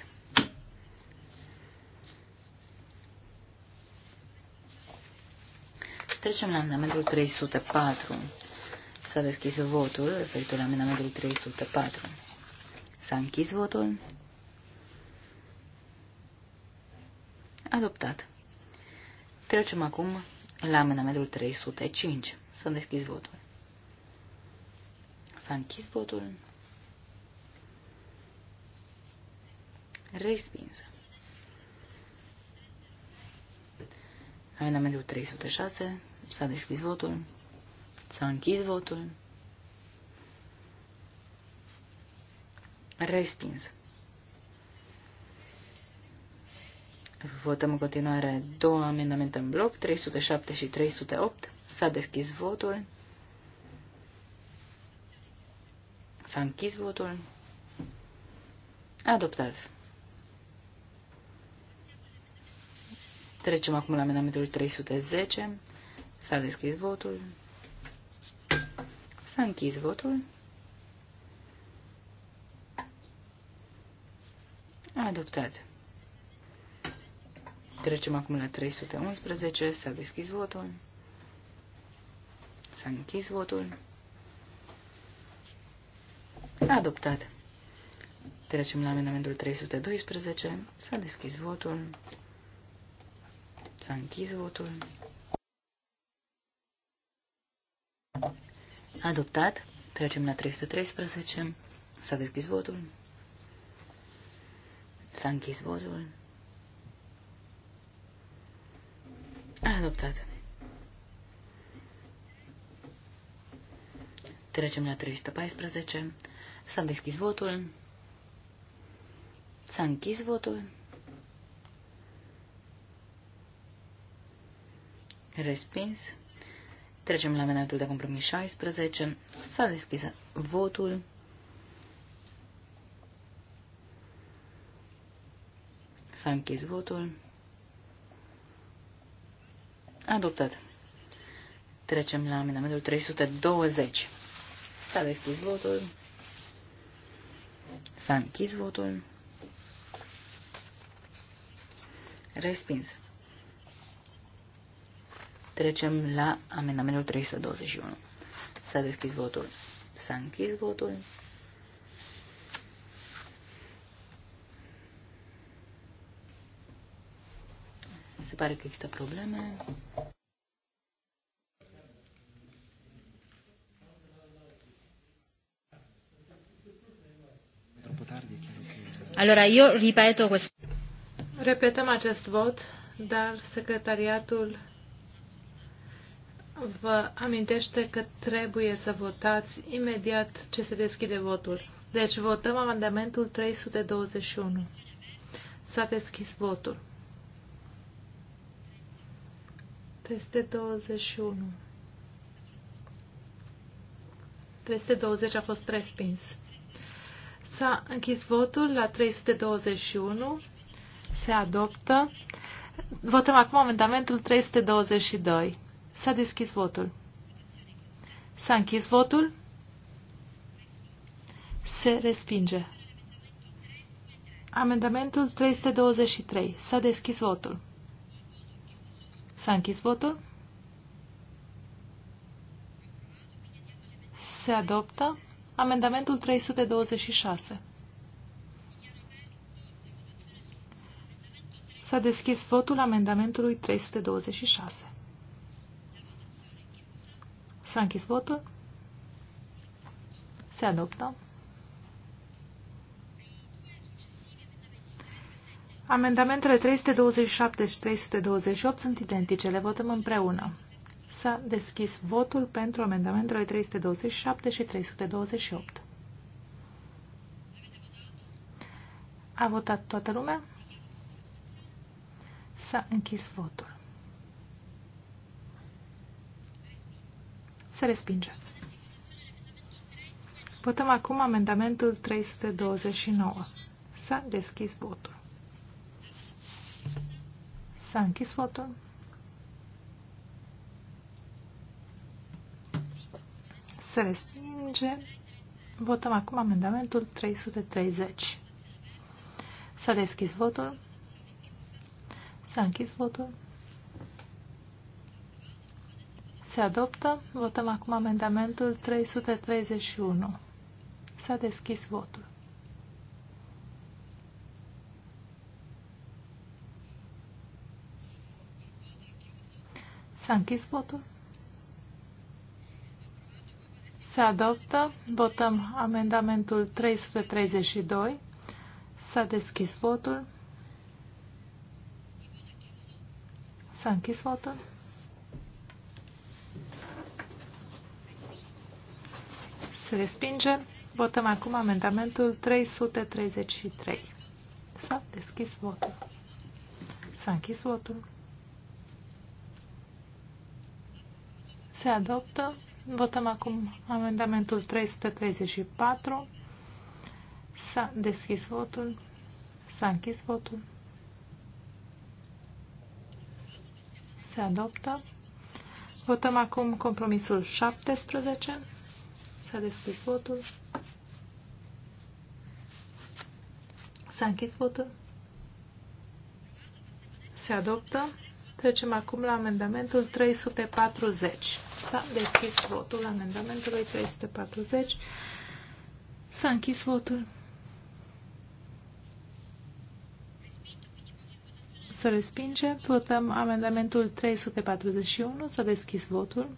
Speaker 4: Trecem la amendamentul 304. S-a deschis votul referitor la amendamentul 304. S-a închis votul. Adoptat. Trecem acum la amendamentul 305. S-a deschis votul. S-a închis votul. Respins. Amendamentul 306. S-a deschis votul. S-a închis votul. Respins. Votăm în continuare două amendamente în bloc, 307 și 308. S-a deschis votul. S-a închis votul. Adoptat. Trecem acum la amendamentul 310. S-a deschis votul. S-a închis votul. Adoptat. Trecem acum la 311. S-a deschis votul. S-a închis votul. Adoptat. Trecem la amendamentul 312. S-a deschis votul. S-a închis votul. Adoptat. Trecem la 313. S-a deschis votul. S-a închis votul. Adoptat. Trecem la 314. S-a deschis votul. S-a închis votul. Respins. Trecem la amendamentul de compromis 16. S-a deschis votul. S-a închis votul. Adoptat. Trecem la amendamentul 320. S-a deschis votul. S-a închis votul. Respins. Trecem la amendamentul 321. S-a deschis votul. S-a închis votul. Se pare că există probleme.
Speaker 1: Allora io ripeto questo.
Speaker 2: Repetăm acest vot, dar secretariatul vă amintește că trebuie să votați imediat ce se deschide votul. Deci votăm amendamentul 321. S-a deschis votul. 321. 320 a fost respins. S-a închis votul la 321. Se adoptă. Votăm acum amendamentul 322. S-a deschis votul. S-a închis votul. Se respinge. Amendamentul 323. S-a deschis votul. S-a închis votul. Se adoptă amendamentul 326. S-a deschis votul amendamentului 326. S-a închis votul. Se adoptă. Amendamentele 327 și 328 sunt identice. Le votăm împreună. S-a deschis votul pentru amendamentele 327 și 328. A votat toată lumea? S-a închis votul. Se respinge. Votăm acum amendamentul 329. S-a deschis votul. S-a închis votul. Se respinge. Votăm acum amendamentul 330. S-a deschis votul. S-a închis votul. Se adoptă. Votăm acum amendamentul 331. S-a deschis votul. S-a închis votul. Se adoptă. Votăm amendamentul 332. S-a deschis votul. S-a închis votul. se respinge. Votăm acum amendamentul 333. S-a deschis votul. S-a închis votul. Se adoptă. Votăm acum amendamentul 334. S-a deschis votul. S-a închis votul. Se adoptă. Votăm acum compromisul 17. S-a deschis votul. S-a închis votul. Se adoptă. Trecem acum la amendamentul 340. S-a deschis votul amendamentului 340. S-a închis votul. Să respinge. Votăm amendamentul 341. S-a deschis votul.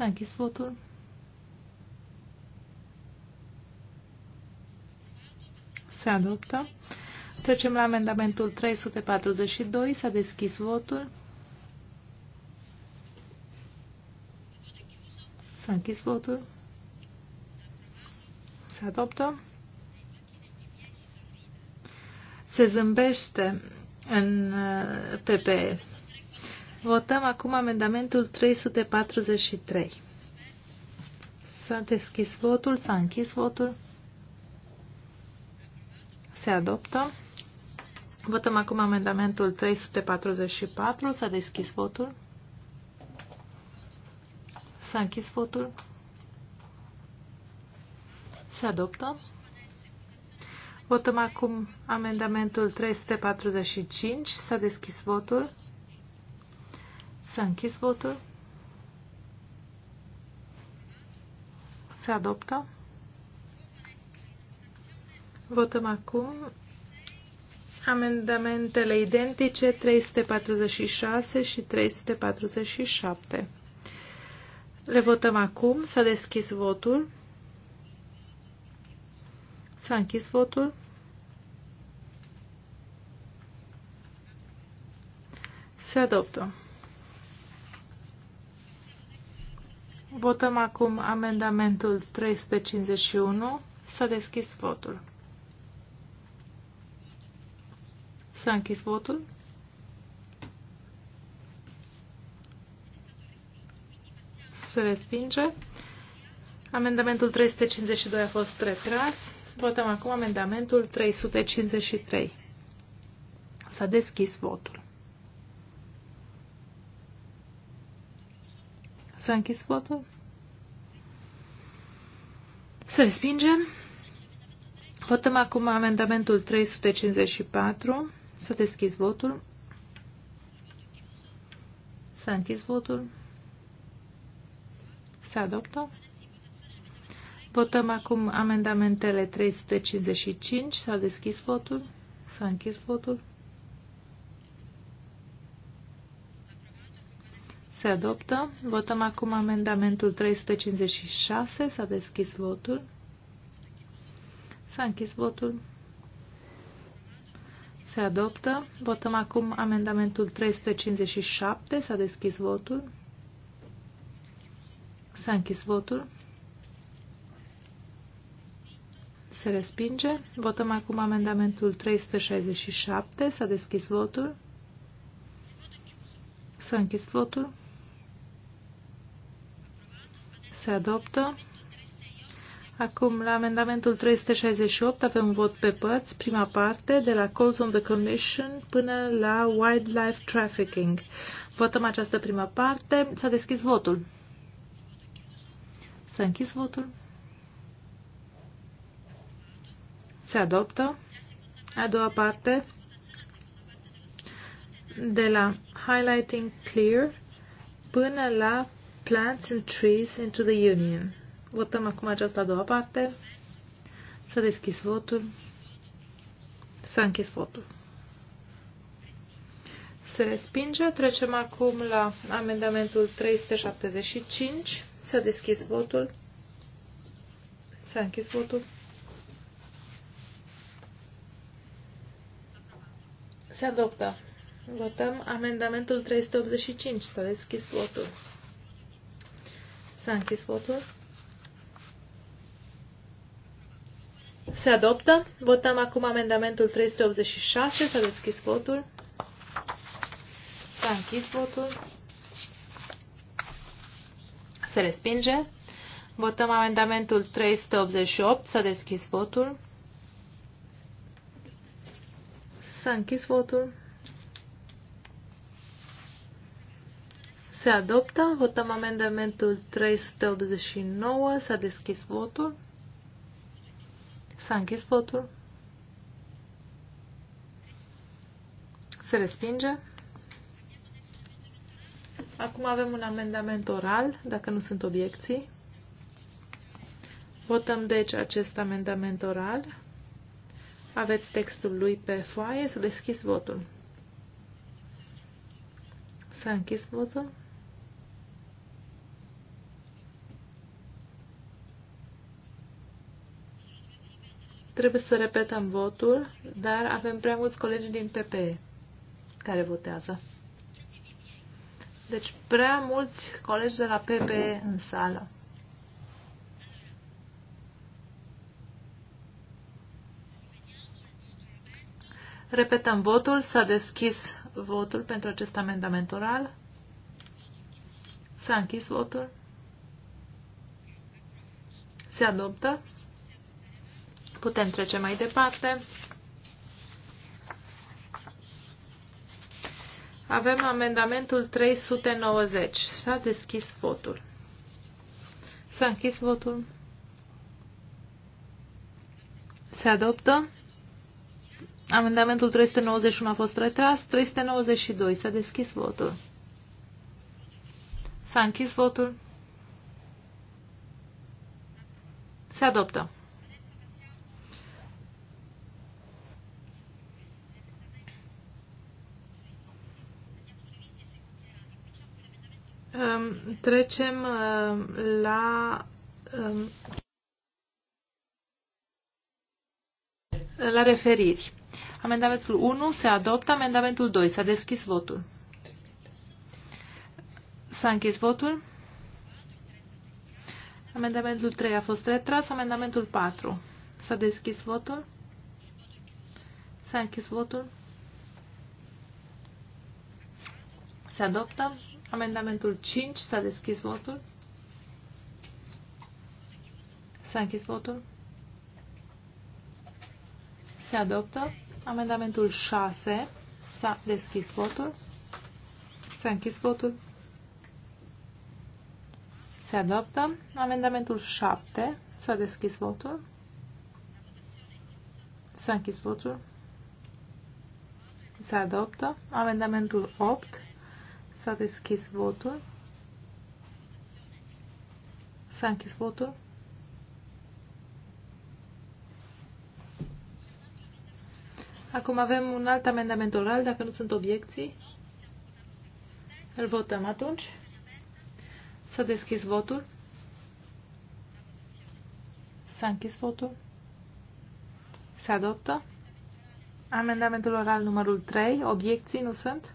Speaker 2: S-a închis votul. Se adoptă. Trecem la amendamentul 342. S-a deschis votul. S-a închis votul. Se adoptă. Se zâmbește în uh, PPE. Votăm acum amendamentul 343. S-a deschis votul, s-a închis votul. Se adoptă. Votăm acum amendamentul 344. S-a deschis votul. S-a închis votul. Se adoptă. Votăm acum amendamentul 345. S-a deschis votul. S-a închis votul. Se adoptă. Votăm acum amendamentele identice 346 și 347. Le votăm acum. S-a deschis votul. S-a închis votul. Se adoptă. Votăm acum amendamentul 351. S-a deschis votul. S-a închis votul. Se respinge. Amendamentul 352 a fost retras. Votăm acum amendamentul 353. S-a deschis votul. S-a închis votul. Să respingem. Votăm acum amendamentul 354. Să deschis votul. S-a închis votul. Se adoptă. Votăm acum amendamentele 355. S-a deschis votul. S-a închis votul. Se adoptă. Votăm acum amendamentul 356. S-a deschis votul. S-a închis votul. Se adoptă. Votăm acum amendamentul 357. S-a deschis votul. S-a închis votul. Se respinge. Votăm acum amendamentul 367. S-a deschis votul. S-a închis votul. Se adoptă. Acum, la amendamentul 368 avem un vot pe părți, prima parte, de la Calls on the Commission până la Wildlife Trafficking. Votăm această prima parte. S-a deschis votul. S-a închis votul. Se adoptă. A doua parte, de la Highlighting Clear până la plants and trees into the Union. Votăm acum această a doua parte. S-a deschis votul. S-a închis votul. Se respinge. Trecem acum la amendamentul 375. S-a deschis votul. S-a închis votul. Se adoptă. Votăm amendamentul 385. S-a deschis votul. S-a închis votul. Se adoptă. Votăm acum amendamentul 386. S-a deschis votul. S-a închis votul. Se respinge. Votăm amendamentul 388. S-a deschis votul. S-a închis votul. Se adoptă. Votăm amendamentul 389. S-a deschis votul. S-a închis votul. Se respinge. Acum avem un amendament oral, dacă nu sunt obiecții. Votăm deci acest amendament oral. Aveți textul lui pe foaie. Să deschis votul. S-a închis votul. Trebuie să repetăm votul, dar avem prea mulți colegi din PPE care votează. Deci prea mulți colegi de la PPE în sală. Repetăm votul. S-a deschis votul pentru acest amendament oral. S-a închis votul. Se adoptă. Putem trece mai departe. Avem amendamentul 390. S-a deschis votul. S-a închis votul. Se adoptă. Amendamentul 391 a fost retras. 392. S-a deschis votul. S-a închis votul. Se adoptă. Um, trecem uh, la um, la referiri. Amendamentul 1 se adoptă, amendamentul 2 s-a deschis votul. S-a închis votul. Amendamentul 3 a fost retras, amendamentul 4 s-a deschis votul. S-a închis votul. Se adoptă. Amendamentul 5. S-a deschis votul. S-a închis votul. Se adoptă. Amendamentul 6. S-a deschis votul. S-a închis votul. Se adoptă. Amendamentul 7. S-a deschis votul. S-a închis votul. Se adoptă. Amendamentul 8. S-a deschis votul. S-a închis votul. Acum avem un alt amendament oral, dacă nu sunt obiecții. Îl votăm atunci. S-a deschis votul. S-a închis votul. Se adoptă. Amendamentul oral numărul 3. Obiecții nu sunt?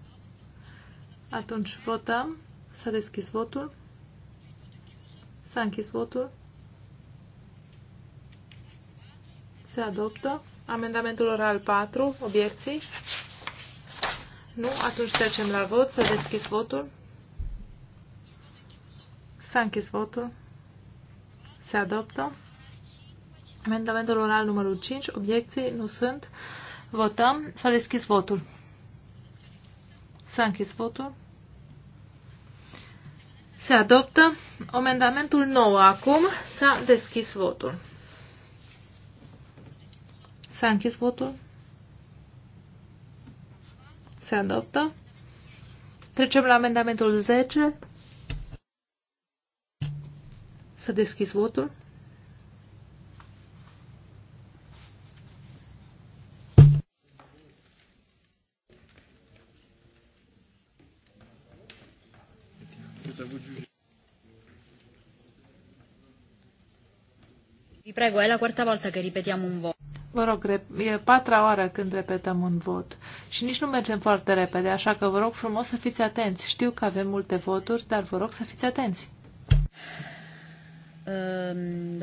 Speaker 2: Atunci votăm. S-a deschis votul. S-a închis votul. Se adoptă. Amendamentul oral 4. Obiecții? Nu? Atunci trecem la vot. S-a deschis votul. S-a închis votul. Se adoptă. Amendamentul oral numărul 5. Obiecții? Nu sunt. Votăm. S-a deschis votul. S-a închis votul. Se adoptă amendamentul nou Acum s-a deschis votul. S-a închis votul. Se adoptă. Trecem la amendamentul 10. Să deschis votul.
Speaker 1: prego, è la quarta volta che ripetiamo un voto. Vă rog,
Speaker 2: e patra oară când repetăm un vot și nici nu mergem foarte repede, așa că vă rog frumos să fiți atenți. Știu că avem multe voturi, dar vă rog să fiți atenți.
Speaker 1: Uh,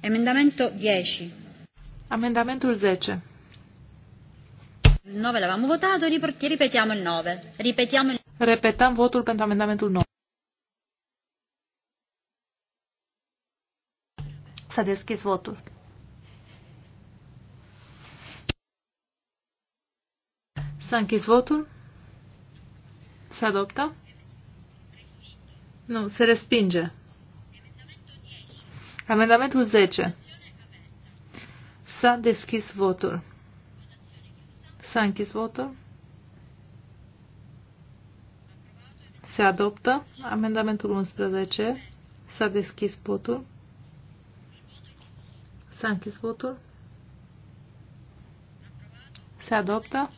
Speaker 1: Emendamento 10. Amendamentul 10. 9 l'avevamo votato, ripetiamo il 9. Ripetiamo il... Repetăm votul pentru amendamentul 9. Să a deschis votul.
Speaker 2: S-a închis votul. Se adoptă? Nu, se respinge. Amendamentul 10. S-a deschis votul. S-a închis votul. Se adoptă. Amendamentul 11. S-a deschis votul. S-a închis votul. Se adoptă.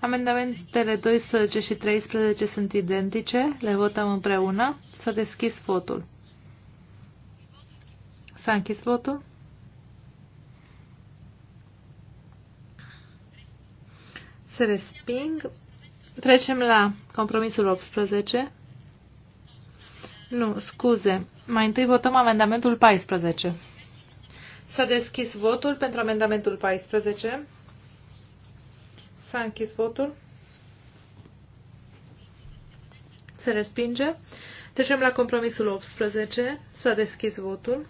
Speaker 2: Amendamentele 12 și 13 sunt identice. Le votăm împreună. S-a deschis votul. S-a închis votul. Se resping. Trecem la compromisul 18. Nu, scuze. Mai întâi votăm amendamentul 14. S-a deschis votul pentru amendamentul 14. S-a închis votul. Se respinge. Trecem la compromisul 18. S-a deschis votul.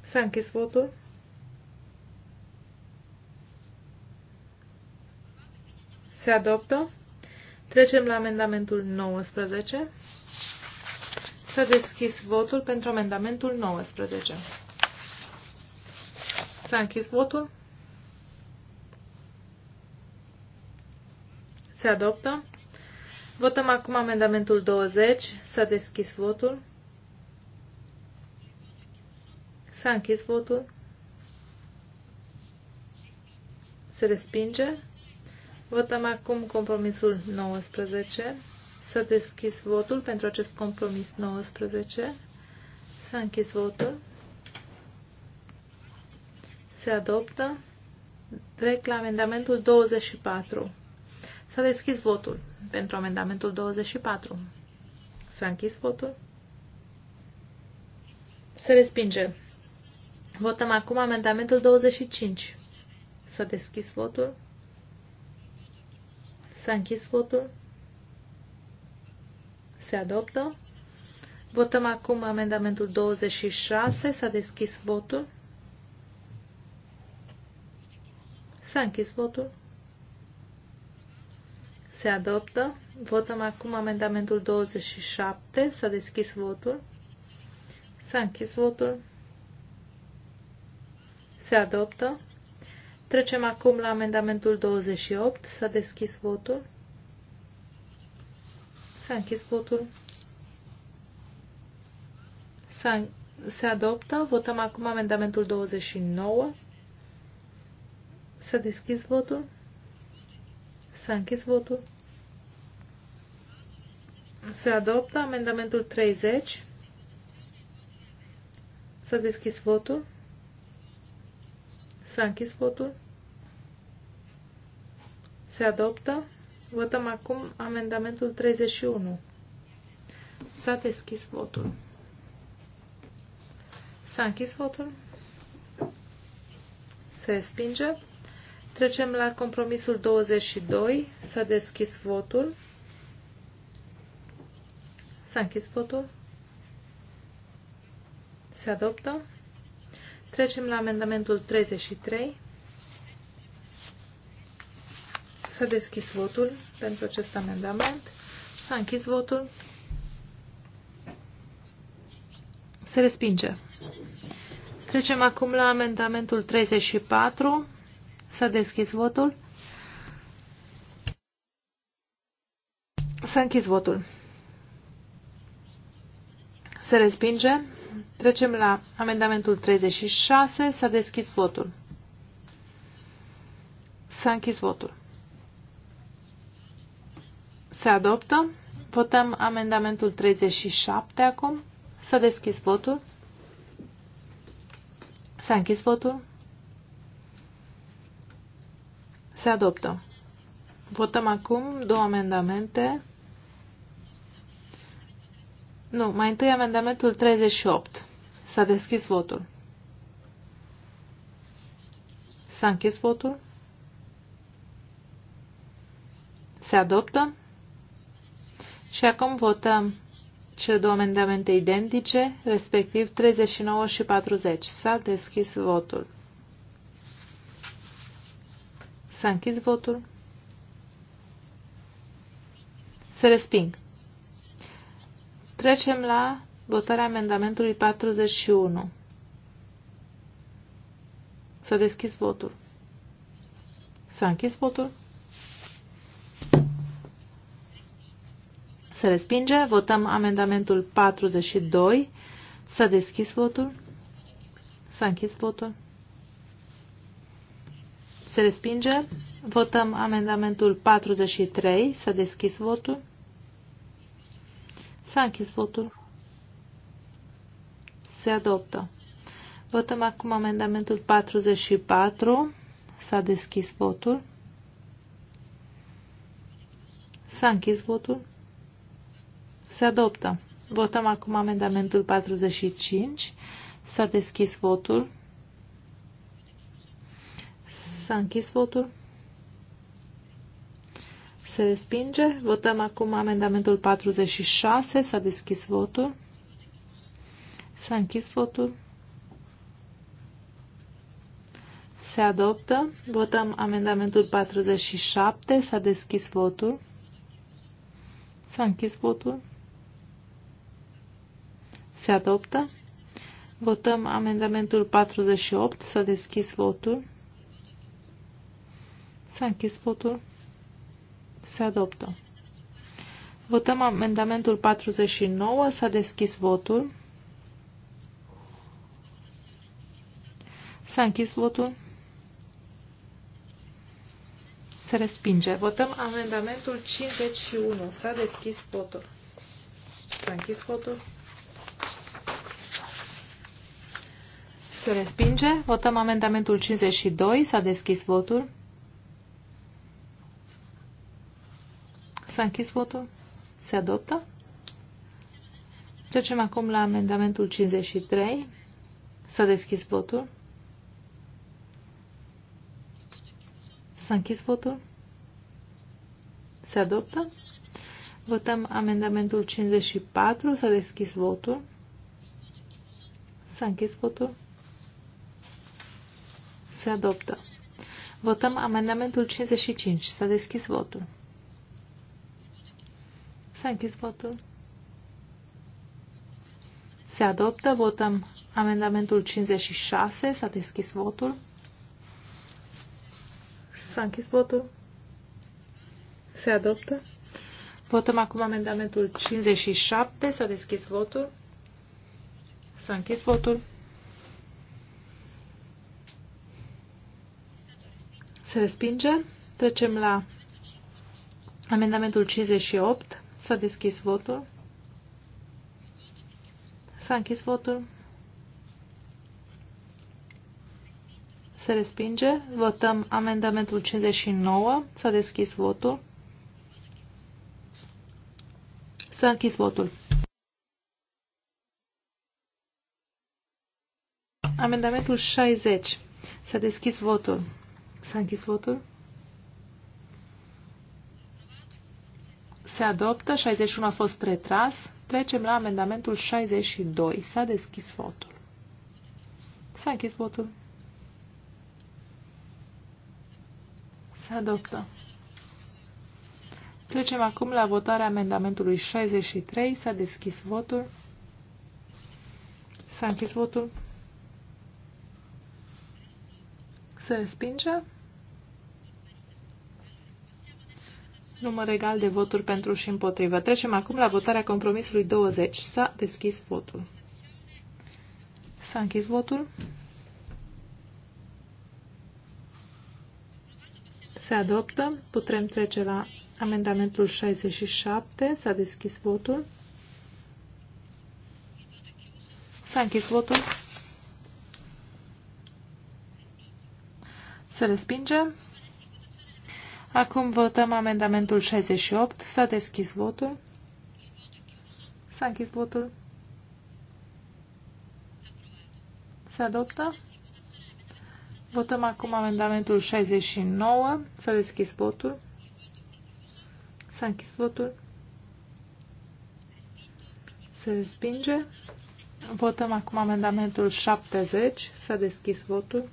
Speaker 2: S-a închis votul. Se adoptă. Trecem la amendamentul 19. S-a deschis votul pentru amendamentul 19. S-a închis votul. Se adoptă. Votăm acum amendamentul 20. S-a deschis votul. S-a închis votul. Se respinge. Votăm acum compromisul 19. S-a deschis votul pentru acest compromis 19. S-a închis votul. Se adoptă. Trec amendamentul 24. S-a deschis votul pentru amendamentul 24. S-a închis votul. Se respinge. Votăm acum amendamentul 25. S-a deschis votul. S-a închis votul. Se adoptă. Votăm acum amendamentul 26. S-a deschis votul. S-a închis votul. Se adoptă. Votăm acum amendamentul 27. S-a deschis votul. S-a închis votul. Se adoptă. Trecem acum la amendamentul 28. S-a deschis votul. S-a închis votul. Se adoptă. Votăm acum amendamentul 29. S-a deschis votul. S-a închis votul. Se adoptă amendamentul 30. S-a deschis votul. S-a închis votul. Se adoptă. Votăm acum amendamentul 31. S-a deschis votul. S-a închis votul. Se respinge. Trecem la compromisul 22. S-a deschis votul. S-a închis votul. Se adoptă. Trecem la amendamentul 33. S-a deschis votul pentru acest amendament. S-a închis votul. Se respinge. Trecem acum la amendamentul 34. Să deschis votul. Să a închis votul. Se respinge. Trecem la amendamentul 36. S-a deschis votul. S-a închis votul. Se adoptă. Votăm amendamentul 37 acum. S-a deschis votul. S-a închis votul. Se adoptă. Votăm acum două amendamente. Nu, mai întâi amendamentul 38. S-a deschis votul. S-a închis votul. Se adoptă. Și acum votăm cele două amendamente identice, respectiv 39 și 40. S-a deschis votul. S-a închis votul. Se resping. Trecem la votarea amendamentului 41. S-a deschis votul. S-a închis votul. Se respinge. Votăm amendamentul 42. S-a deschis votul. S-a închis votul. Se respinge. Votăm amendamentul 43. S-a deschis votul. S-a închis votul. Se adoptă. Votăm acum amendamentul 44. S-a deschis votul. S-a închis votul. Se adoptă. Votăm acum amendamentul 45. S-a deschis votul. S-a închis votul. Se respinge. Votăm acum amendamentul 46. S-a deschis votul. S-a închis votul. Se adoptă. Votăm amendamentul 47. S-a deschis votul. S-a închis votul. Se adoptă. Votăm amendamentul 48. S-a deschis votul. S-a închis votul. Se adoptă. Votăm amendamentul 49. S-a deschis votul. S-a închis votul. Se respinge. Votăm amendamentul 51. S-a deschis votul. S-a închis votul. Se respinge. Votăm amendamentul 52. S-a deschis votul. S-a închis votul? Se adoptă? Trecem acum la amendamentul 53. S-a deschis votul. S-a închis votul. Se adoptă? Votăm amendamentul 54. S-a deschis votul. S-a închis votul. Se adoptă. Votăm amendamentul 55. S-a deschis votul. S-a închis votul. Se adoptă. Votăm amendamentul 56. S-a deschis votul. S-a închis votul. Se adoptă. Votăm acum amendamentul 57. S-a deschis votul. S-a închis votul. Se respinge. Trecem la amendamentul 58. S-a deschis votul. S-a închis votul. Se respinge. Votăm amendamentul 59. S-a deschis votul. S-a închis votul. Amendamentul 60. S-a deschis votul. S-a închis votul. se adoptă, 61 a fost retras. Trecem la amendamentul 62. S-a deschis votul. S-a închis votul. Se adoptă. Trecem acum la votarea amendamentului 63. S-a deschis votul. S-a închis votul. Se respinge. număr egal de voturi pentru și împotrivă. Trecem acum la votarea compromisului 20. S-a deschis votul. S-a închis votul. Se adoptă. Putem trece la amendamentul 67. S-a deschis votul. S-a închis votul. Se respinge. Acum votăm amendamentul 68. S-a deschis votul. S-a închis votul. Se adoptă. Votăm acum amendamentul 69. S-a deschis votul. S-a închis votul. Se respinge. Votăm acum amendamentul 70. S-a deschis votul.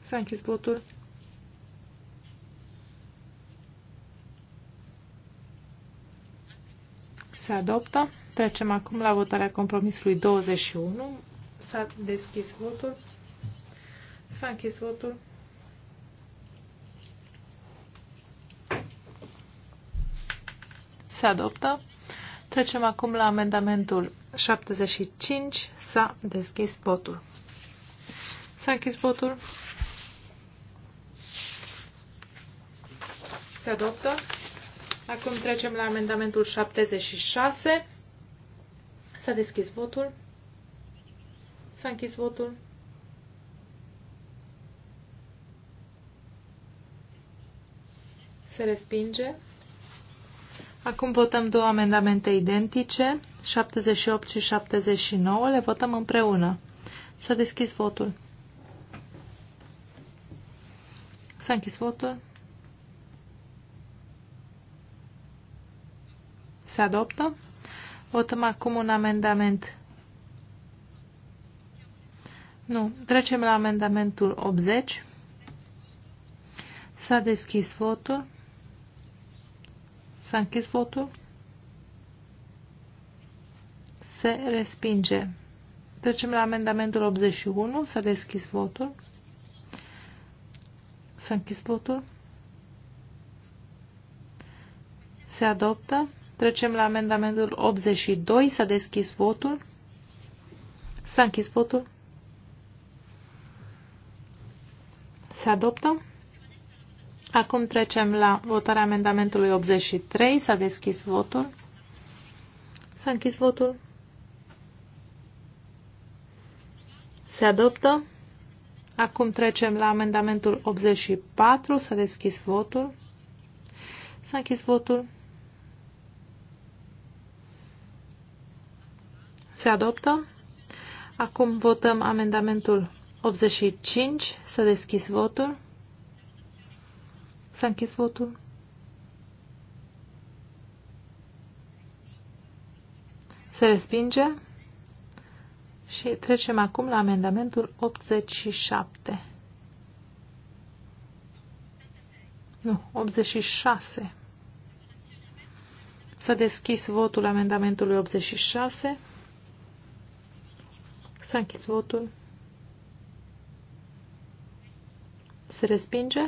Speaker 2: S-a închis votul. Se adoptă. Trecem acum la votarea compromisului 21. S-a deschis votul. S-a închis votul. Se adoptă. Trecem acum la amendamentul 75. S-a deschis votul. S-a închis votul. Se adoptă. Acum trecem la amendamentul 76. S-a deschis votul. S-a închis votul. Se respinge. Acum votăm două amendamente identice, 78 și 79. Le votăm împreună. S-a deschis votul. S-a închis votul. Se adoptă. Votăm acum un amendament. Nu. Trecem la amendamentul 80. S-a deschis votul. S-a închis votul. Se respinge. Trecem la amendamentul 81. S-a deschis votul. S-a închis votul. Se adoptă. Trecem la amendamentul 82. S-a deschis votul. S-a închis votul. Se adoptă. Acum trecem la votarea amendamentului 83. S-a deschis votul. S-a închis votul. Se adoptă. Acum trecem la amendamentul 84. S-a deschis votul. S-a închis votul. Se adoptă. Acum votăm amendamentul 85. Să deschis votul. S-a închis votul. Se respinge. Și trecem acum la amendamentul 87. Nu, 86. S-a deschis votul amendamentului 86. S-a închis votul. Se respinge.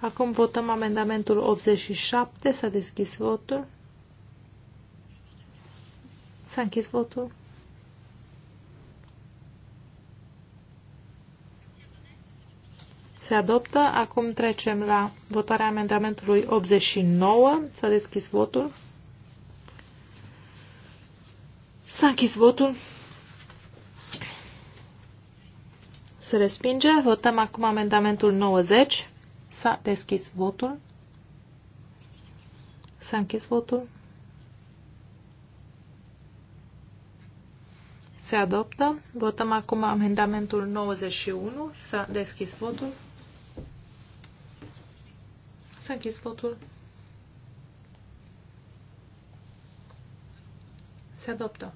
Speaker 2: Acum votăm amendamentul 87. S-a deschis votul. S-a închis votul. Se adoptă. Acum trecem la votarea amendamentului 89. S-a deschis votul. S-a închis votul. Se respinge. Votăm acum amendamentul 90. S-a deschis votul. S-a închis votul. Se adoptă. Votăm acum amendamentul 91. S-a deschis votul. S-a închis votul. Se adoptă.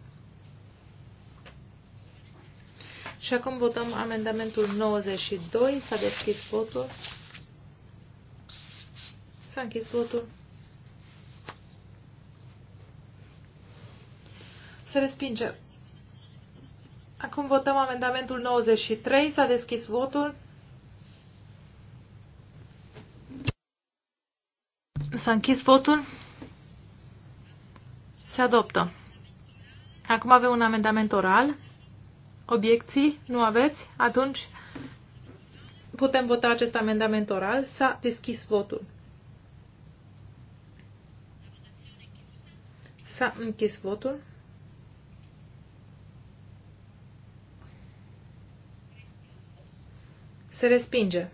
Speaker 2: Și acum votăm amendamentul 92. S-a deschis votul. S-a închis votul. Se respinge. Acum votăm amendamentul 93. S-a deschis votul. S-a închis votul. Se adoptă. Acum avem un amendament oral. Obiecții? Nu aveți? Atunci putem vota acest amendament oral. S-a deschis votul. S-a închis votul. Se respinge.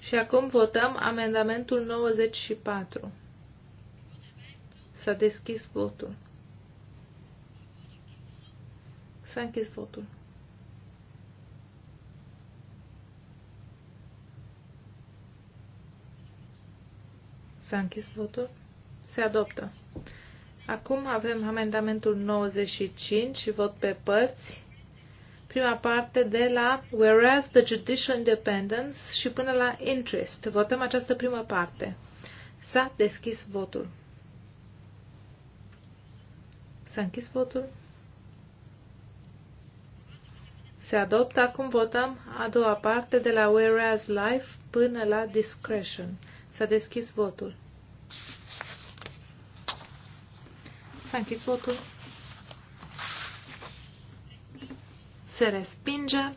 Speaker 2: Și acum votăm amendamentul 94. S-a deschis votul. S-a închis votul. S-a închis votul. Se adoptă. Acum avem amendamentul 95 și vot pe părți. Prima parte de la Whereas the Judicial Independence și până la Interest. Votăm această primă parte. S-a deschis votul. S-a închis votul. Se adoptă. Acum votăm a doua parte de la Whereas Life până la Discretion. S-a deschis votul. S-a închis votul. Se respinge.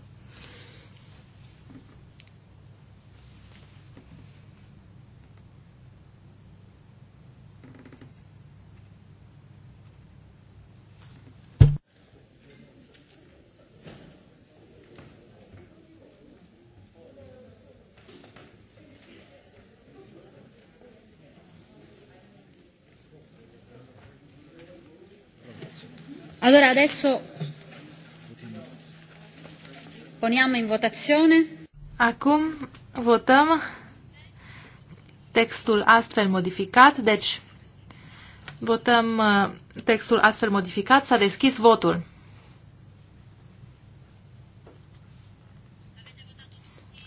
Speaker 3: Allora adesso
Speaker 1: poniamo in votazione.
Speaker 2: Acum votăm textul astfel modificat, deci votăm uh, textul astfel modificat, s-a deschis votul.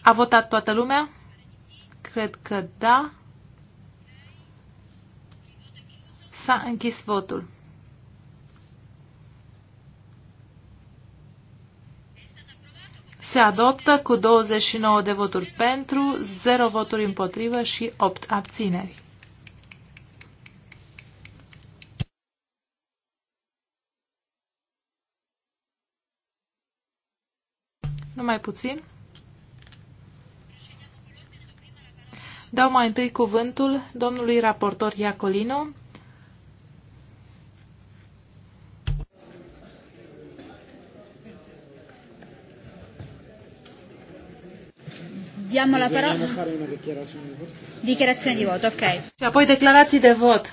Speaker 2: A votat toată lumea? Cred că da. S-a închis votul. se adoptă cu 29 de voturi pentru, 0 voturi împotrivă și 8 abțineri. Numai puțin. Dau mai întâi cuvântul domnului raportor Iacolino
Speaker 1: Diamo la parola. Dichiarazione di voto, ok. Și apoi
Speaker 2: declarații de vot.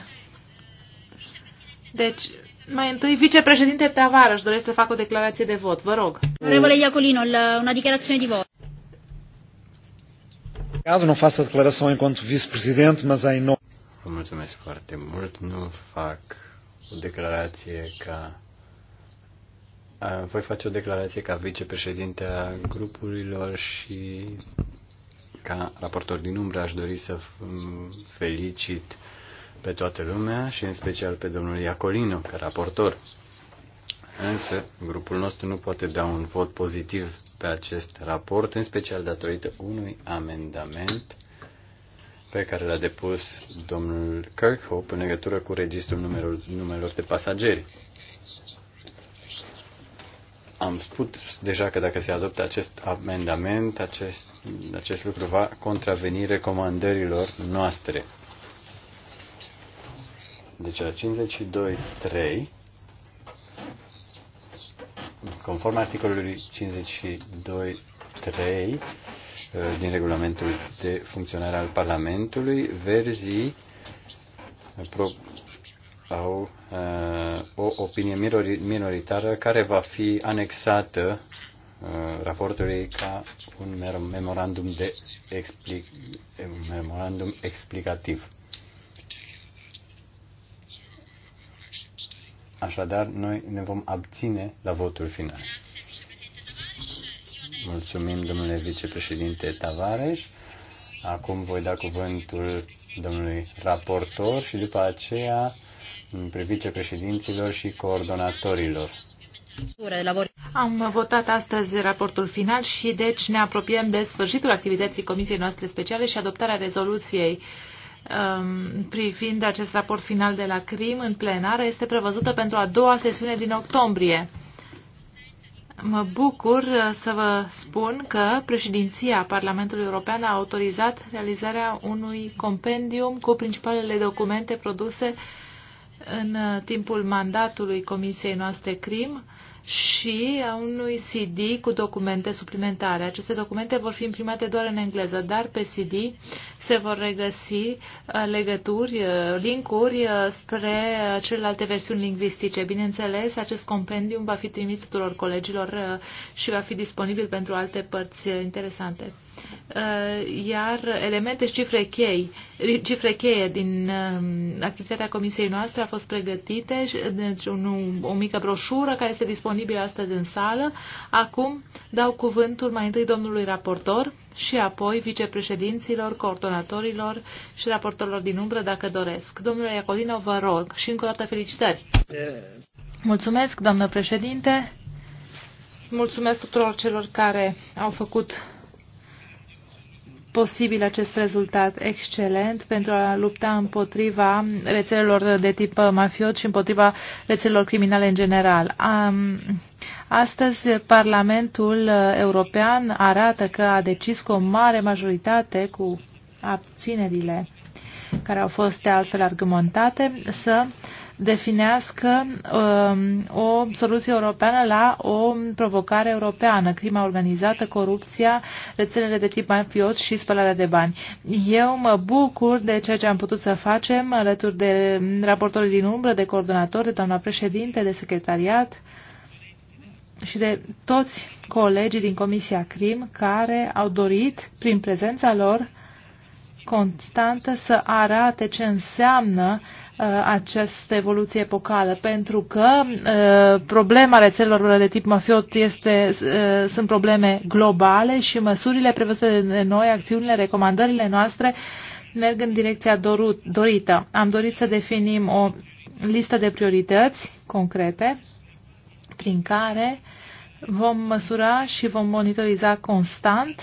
Speaker 2: Deci, mai întâi, vicepreședinte Tavarăș, doresc să fac o declarație de vot, vă rog.
Speaker 1: Onorevole Iacolino, una declarație de vot. Caso nu fac declarație în cont vicepreședinte, mas em nome...
Speaker 3: Vă mulțumesc foarte mult, nu fac o declarație ca... Voi face o declarație ca vicepreședinte a grupurilor și ca raportor din umbră aș dori să felicit pe toată lumea și în special pe domnul Iacolino ca raportor. Însă, grupul nostru nu poate da un vot pozitiv pe acest raport, în special datorită unui amendament pe care l-a depus domnul Kirkhope în legătură cu registrul numelor de pasageri. Am spus deja că dacă se adoptă acest amendament, acest, acest lucru va contraveni recomandărilor noastre. Deci la 52.3, conform articolului 52.3 uh, din regulamentul de funcționare al Parlamentului, verzii uh, au uh, o opinie minoritară care va fi anexată uh, raportului ca un memorandum, de explic, un memorandum explicativ. Așadar, noi ne vom abține la votul final. Mulțumim, domnule vicepreședinte Tavares. Acum voi da cuvântul domnului raportor și după aceea vicepreședinților și coordonatorilor.
Speaker 2: Am votat astăzi raportul final și deci ne apropiem de sfârșitul activității Comisiei noastre speciale și adoptarea rezoluției um, privind acest raport final de la CRIM în plenară este prevăzută pentru a doua sesiune din octombrie. Mă bucur uh, să vă spun că președinția Parlamentului European a autorizat realizarea unui compendium cu principalele documente produse în uh, timpul mandatului Comisiei noastre CRIM și a unui CD cu documente suplimentare. Aceste documente vor fi imprimate doar în engleză, dar pe CD se vor regăsi uh, legături, uh, linkuri spre celelalte versiuni lingvistice. Bineînțeles, acest compendium va fi trimis tuturor colegilor și va fi disponibil pentru alte părți interesante. Uh, iar elemente și cifre, chei, cifre cheie din um, activitatea comisiei noastre a fost pregătite, deci un, o mică broșură care este disponibilă astăzi în sală. Acum dau cuvântul mai întâi domnului raportor și apoi vicepreședinților, coordonatorilor și raportorilor din umbră, dacă doresc. Domnule Iacolino, vă rog și încă o dată felicitări. Mulțumesc, doamnă președinte. Mulțumesc tuturor celor care au făcut posibil acest rezultat excelent pentru a lupta împotriva rețelelor de tip uh, mafiot și împotriva rețelelor criminale în general. Um, astăzi, Parlamentul uh, European arată că a decis cu o mare majoritate, cu abținerile care au fost de altfel argumentate, să uh, definească um, o soluție europeană la o provocare europeană, crima organizată, corupția, rețelele de tip mafiot și spălarea de bani. Eu mă bucur de ceea ce am putut să facem alături de raportorii din umbră, de coordonator, de doamna președinte, de secretariat și de toți colegii din Comisia CRIM care au dorit, prin prezența lor, constantă să arate ce înseamnă uh, această evoluție epocală, pentru că uh, problema rețelelor de tip mafiot este, uh, sunt probleme globale și măsurile prevăzute de noi, acțiunile, recomandările noastre merg în direcția dorut, dorită. Am dorit să definim o listă de priorități concrete prin care vom măsura și vom monitoriza constant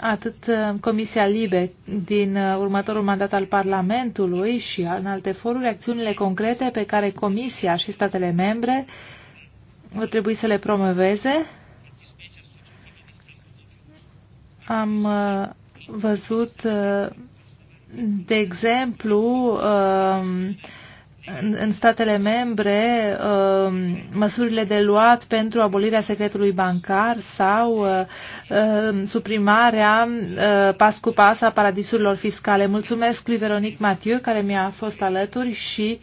Speaker 2: atât uh, Comisia Libe din uh, următorul mandat al Parlamentului și în alte foruri acțiunile concrete pe care Comisia și statele membre o trebui să le promoveze. Am uh, văzut, de exemplu, în, în statele membre um, măsurile de luat pentru abolirea secretului bancar sau uh, um, suprimarea uh, pas cu pas a paradisurilor fiscale. Mulțumesc lui Veronic Mathieu care mi-a fost alături și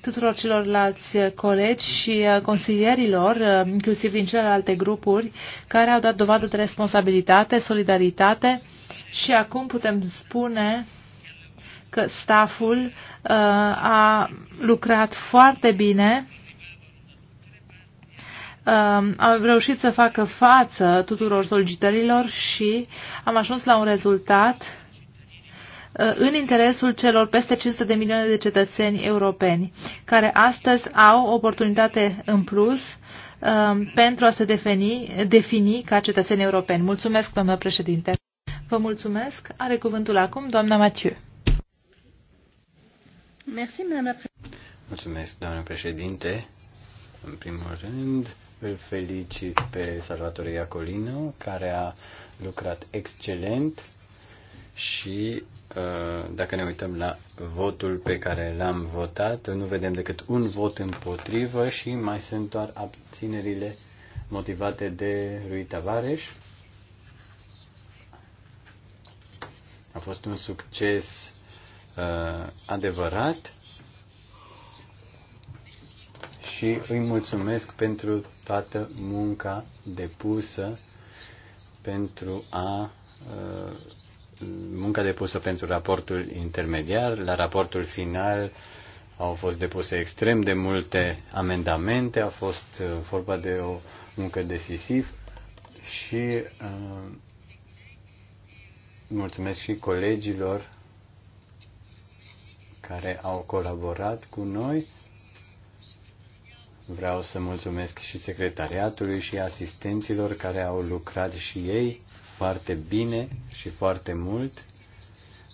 Speaker 2: tuturor celorlalți colegi și uh, consilierilor, inclusiv din celelalte grupuri, care au dat dovadă de responsabilitate, solidaritate și acum putem spune că stafful uh, a lucrat foarte bine am um, reușit să facă față tuturor solicitărilor și am ajuns la un rezultat uh, în interesul celor peste 500 de milioane de cetățeni europeni, care astăzi au oportunitate în plus um, pentru a se defini, defini ca cetățeni europeni. Mulțumesc, doamnă președinte. Vă mulțumesc. Are cuvântul acum doamna Mathieu.
Speaker 3: Mulțumesc, doamnă președinte. În primul rând, îl felicit pe Salvatore Iacolino, care a lucrat excelent și uh, dacă ne uităm la votul pe care l-am votat, nu vedem decât un vot împotrivă și mai sunt doar abținerile motivate de lui Tavares. A fost un succes Uh, adevărat și îi mulțumesc pentru toată munca depusă pentru a uh, munca depusă pentru raportul intermediar. La raportul final au fost depuse extrem de multe amendamente, a fost uh, vorba de o muncă decisiv și uh, mulțumesc și colegilor care au colaborat cu noi. Vreau să mulțumesc și secretariatului și asistenților care au lucrat și ei foarte bine și foarte mult.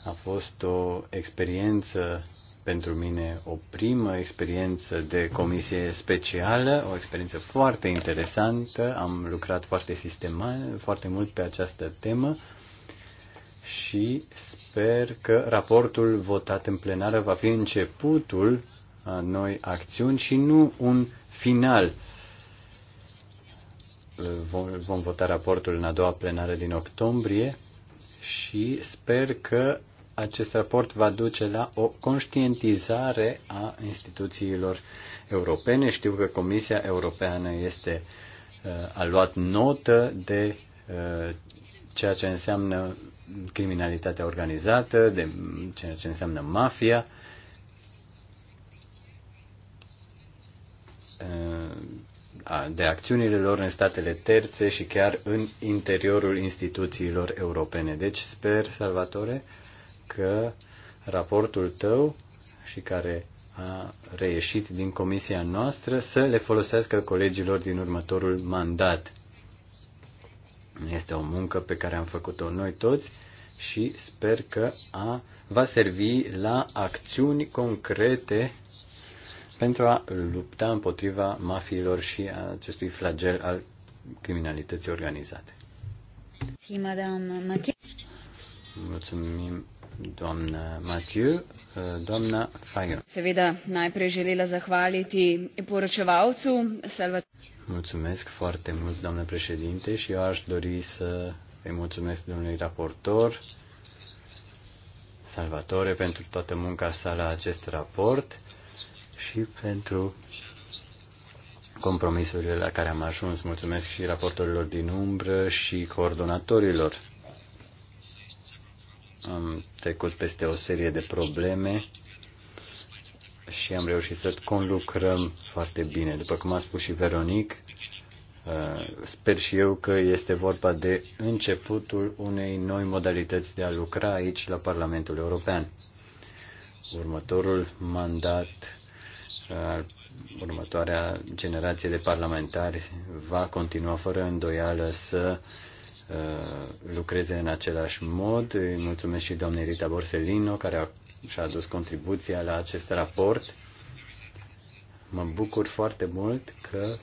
Speaker 3: A fost o experiență pentru mine o primă experiență de comisie specială, o experiență foarte interesantă. Am lucrat foarte sistemat, foarte mult pe această temă și sper că raportul votat în plenară va fi începutul a noi acțiuni și nu un final. Vom, vom vota raportul în a doua plenară din octombrie și sper că acest raport va duce la o conștientizare a instituțiilor europene. Știu că Comisia Europeană este, uh, a luat notă de uh, ceea ce înseamnă criminalitatea organizată, de ceea ce înseamnă mafia. de acțiunile lor în statele terțe și chiar în interiorul instituțiilor europene. Deci sper, Salvatore, că raportul tău și care a reieșit din comisia noastră să le folosească colegilor din următorul mandat este o muncă pe care am făcut-o noi toți și sper că a, va servi la acțiuni concrete pentru a lupta împotriva mafiilor și a acestui flagel al criminalității organizate. Mulțumim, doamna Mathieu. Doamna Fajon.
Speaker 4: Seveda najprej želela zahvaliti poročevalcu
Speaker 3: Salvatore. Mulțumesc foarte mult, doamnă președinte, și eu aș dori să îi mulțumesc domnului raportor Salvatore pentru toată munca sa la acest raport și pentru compromisurile la care am ajuns. Mulțumesc și raportorilor din umbră și coordonatorilor. Am trecut peste o serie de probleme și am reușit să conlucrăm foarte bine. După cum a spus și Veronic, uh, sper și eu că este vorba de începutul unei noi modalități de a lucra aici la Parlamentul European. Următorul mandat uh, următoarea generație de parlamentari va continua fără îndoială să uh, lucreze în același mod. Îi mulțumesc și doamnei Rita Borsellino, care a și-a adus contribuția la acest raport. Mă bucur foarte mult că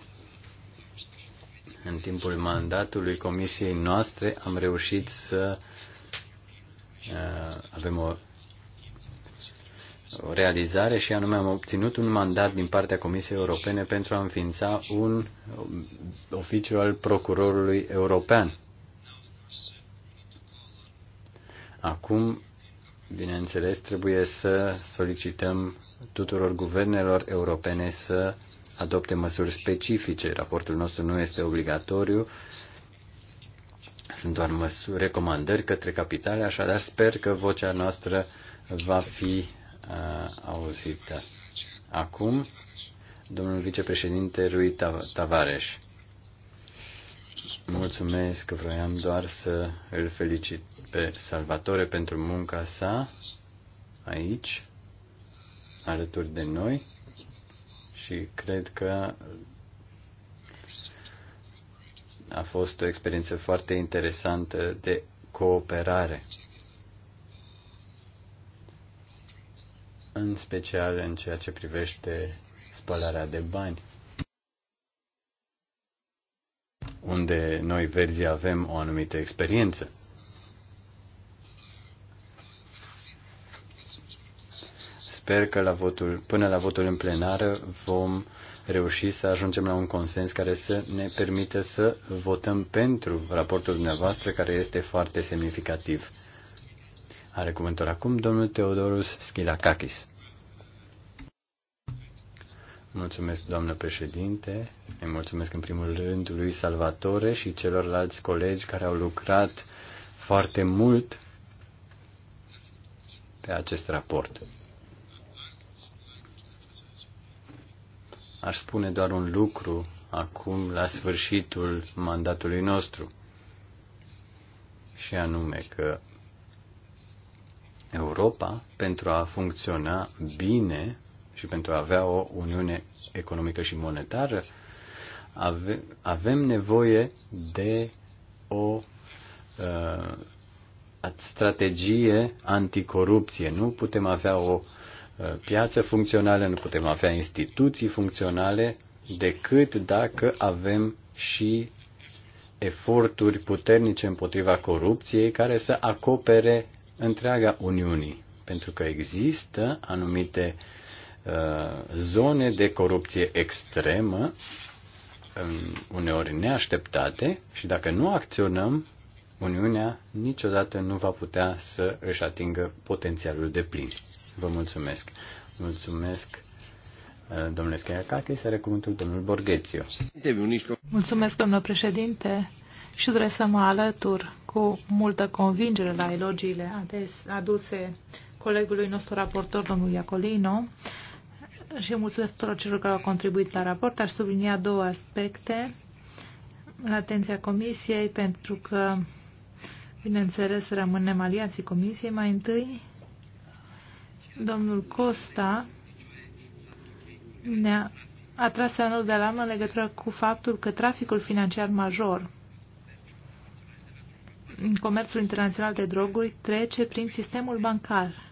Speaker 3: în timpul mandatului comisiei noastre am reușit să uh, avem o, o realizare și anume am obținut un mandat din partea Comisiei Europene pentru a înființa un oficiu al procurorului european. Acum bineînțeles, trebuie să solicităm tuturor guvernelor europene să adopte măsuri specifice. Raportul nostru nu este obligatoriu, sunt doar măsuri, recomandări către capitale, așadar sper că vocea noastră va fi uh, auzită. Acum, domnul vicepreședinte Rui Tavares. Mulțumesc, vroiam doar să îl felicit pe Salvatore pentru munca sa aici, alături de noi și cred că a fost o experiență foarte interesantă de cooperare. În special în ceea ce privește spălarea de bani. Unde noi verzi avem o anumită experiență. Sper că la votul, până la votul în plenară vom reuși să ajungem la un consens care să ne permită să votăm pentru raportul dumneavoastră, care este foarte semnificativ. Are cuvântul acum domnul Teodorus Schilakakis. Mulțumesc, doamnă președinte. Îi mulțumesc în primul rând lui Salvatore și celorlalți colegi care au lucrat foarte mult pe acest raport. aș spune doar un lucru acum, la sfârșitul mandatului nostru. Și anume că Europa, pentru a funcționa bine și pentru a avea o uniune economică și monetară, ave, avem nevoie de o uh, strategie anticorupție. Nu putem avea o Uh, piață funcțională, nu putem avea instituții funcționale decât dacă avem și eforturi puternice împotriva corupției care să acopere întreaga Uniunii. Pentru că există anumite uh, zone de corupție extremă, um, uneori neașteptate, și dacă nu acționăm, Uniunea niciodată nu va putea să își atingă potențialul de plin. Vă mulțumesc. Mulțumesc. Uh, domnule Schiacacchi, să recuvântul domnul Borghețiu.
Speaker 2: Mulțumesc, domnule președinte, și doresc să mă alătur cu multă convingere la elogiile aduse colegului nostru raportor, domnul Iacolino, și mulțumesc tuturor celor care au contribuit la raport. Aș sublinia două aspecte în atenția Comisiei, pentru că, bineînțeles, rămânem aliații Comisiei mai întâi Domnul Costa ne-a atras semnul de alarmă în legătură cu faptul că traficul financiar major în comerțul internațional de droguri trece prin sistemul bancar.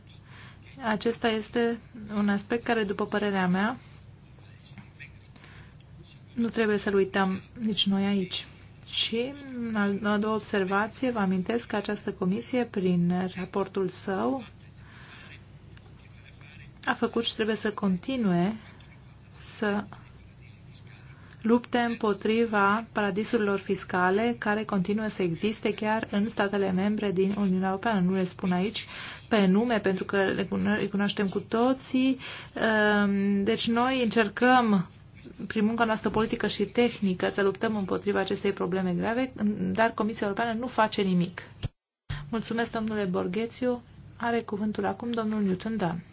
Speaker 2: Acesta este un aspect care, după părerea mea, nu trebuie să-l uităm nici noi aici. Și, în a doua observație, vă amintesc că această comisie, prin raportul său, a făcut și trebuie să continue să lupte împotriva paradisurilor fiscale care continuă să existe chiar în statele membre din Uniunea Europeană. Nu le spun aici pe nume pentru că le cunoaștem cu toții. Ehm, deci noi încercăm prin munca noastră politică și tehnică să luptăm împotriva acestei probleme grave, dar Comisia Europeană nu face nimic. Mulțumesc, domnule Borghețiu. Are cuvântul acum domnul Newton Dan.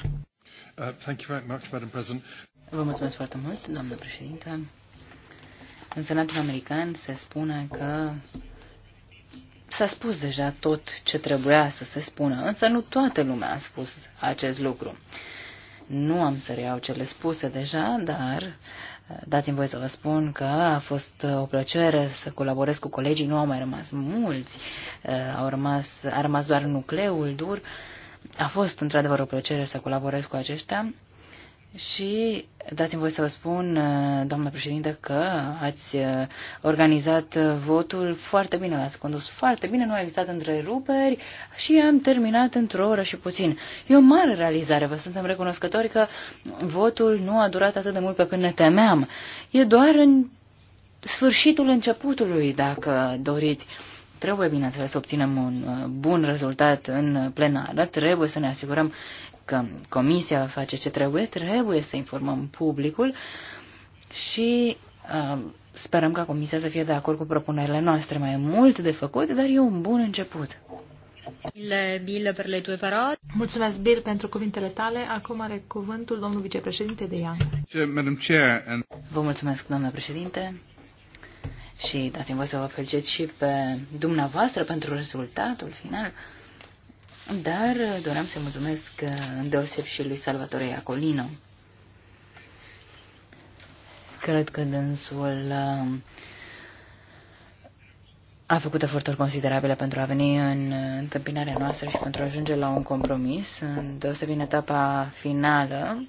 Speaker 4: Uh, thank you very much, Madam President. Vă mulțumesc foarte mult, doamnă președinte. În Senatul American se spune că s-a spus deja tot ce trebuia să se spună, însă nu toată lumea a spus acest lucru. Nu am să reiau cele spuse deja, dar uh, dați-mi voie să vă spun că a fost uh, o plăcere să colaborez cu colegii, nu au mai rămas mulți, au rămas, a rămas doar nucleul dur. Uh, a fost într-adevăr o plăcere să colaborez cu aceștia și dați-mi voi să vă spun, uh, doamnă președinte, că ați uh, organizat votul foarte bine, l-ați condus foarte bine, nu a existat întreruperi și am terminat într-o oră și puțin. E o mare realizare, vă suntem recunoscători că votul nu a durat atât de mult pe când ne temeam. E doar în sfârșitul începutului, dacă doriți. Trebuie, bineînțeles, să obținem un uh, bun rezultat în plenară, trebuie să ne asigurăm că comisia va face ce trebuie, trebuie să informăm publicul și uh, sperăm ca comisia să fie de acord cu propunerile noastre. Mai mult de făcut, dar e un bun început.
Speaker 2: Bill, Mulțumesc, Bill, pentru cuvintele tale. Acum are cuvântul domnul vicepreședinte de Ian.
Speaker 4: Vă mulțumesc, doamna președinte și dați-mi să vă felicit și pe dumneavoastră pentru rezultatul final. Dar doream să mulțumesc deoseb și lui Salvatore Iacolino. Cred că dânsul um, a făcut eforturi considerabile pentru a veni în întâmpinarea noastră și pentru a ajunge la un compromis, deosebit în etapa finală,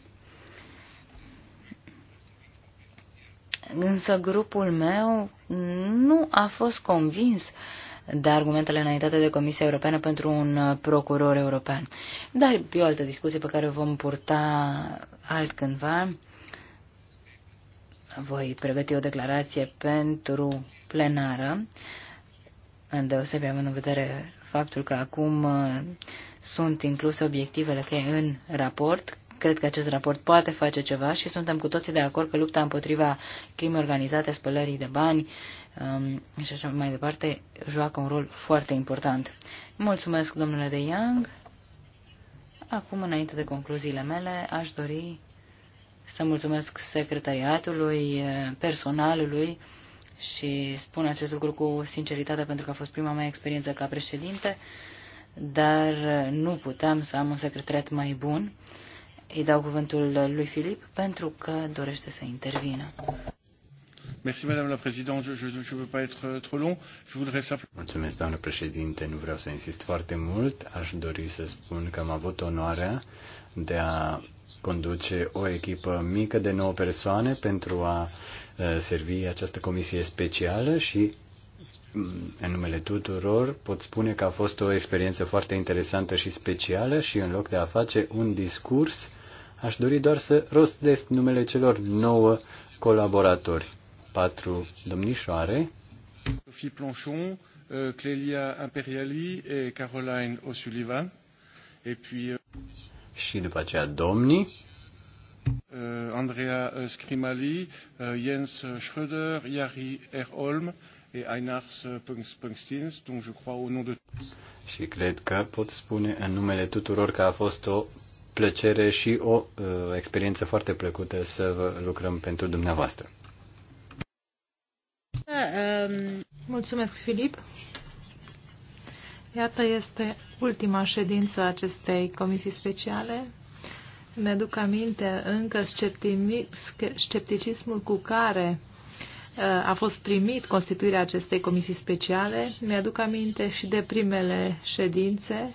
Speaker 4: Însă grupul meu nu a fost convins de argumentele înaintate de Comisia Europeană pentru un uh, procuror european. Dar e o altă discuție pe care o vom purta altcândva. Voi pregăti o declarație pentru plenară, îndeosebi având în vedere faptul că acum uh, sunt incluse obiectivele cheie în raport, Cred că acest raport poate face ceva și suntem cu toții de acord că lupta împotriva crimei organizate, spălării de bani um, și așa mai departe joacă un rol foarte important. Mulțumesc, domnule de Young. Acum, înainte de concluziile mele, aș dori să mulțumesc secretariatului, personalului și spun acest lucru cu sinceritate pentru că a fost prima mea experiență ca președinte, dar nu puteam să am un secretariat mai bun. Îi dau cuvântul lui Filip pentru că dorește să intervină.
Speaker 3: Merci, Madame la Présidente. Je ne veux pas être euh, trop long. Je voudrais simplement... Mulțumesc, doamnă președinte. Nu vreau să insist foarte mult. Aș dori să spun că am avut onoarea de a conduce o echipă mică de 9 persoane pentru a uh, servi această comisie specială și mm, în numele tuturor pot spune că a fost o experiență foarte interesantă și specială și în loc de a face un discurs Aș dori doar să rostesc numele celor nouă colaboratori. Patru domnișoare.
Speaker 4: Sophie Planchon, euh, Clelia Imperiali et Caroline O'Sullivan. Et puis... Euh, Și după aceea domnii. Euh, Andrea Scrimali, Jens Schröder, Yari Erholm et Einars Pungstins, dont je crois au nom de...
Speaker 3: Și cred că pot spune în numele tuturor că a fost o plăcere și o uh, experiență foarte plăcută să vă lucrăm pentru dumneavoastră.
Speaker 2: Mulțumesc, Filip. Iată, este ultima ședință a acestei comisii speciale. Ne duc aminte încă scepticismul cu care uh, a fost primit constituirea acestei comisii speciale. Mi-aduc aminte și de primele ședințe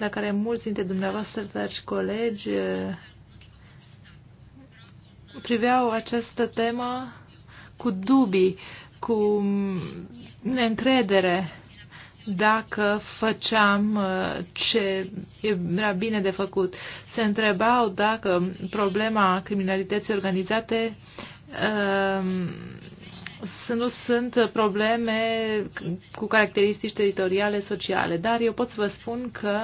Speaker 2: la care mulți dintre dumneavoastră, dragi colegi, eh, priveau această temă cu dubii, cu neîncredere dacă făceam eh, ce era bine de făcut. Se întrebau dacă problema criminalității organizate eh, nu sunt probleme cu caracteristici teritoriale, sociale, dar eu pot să vă spun că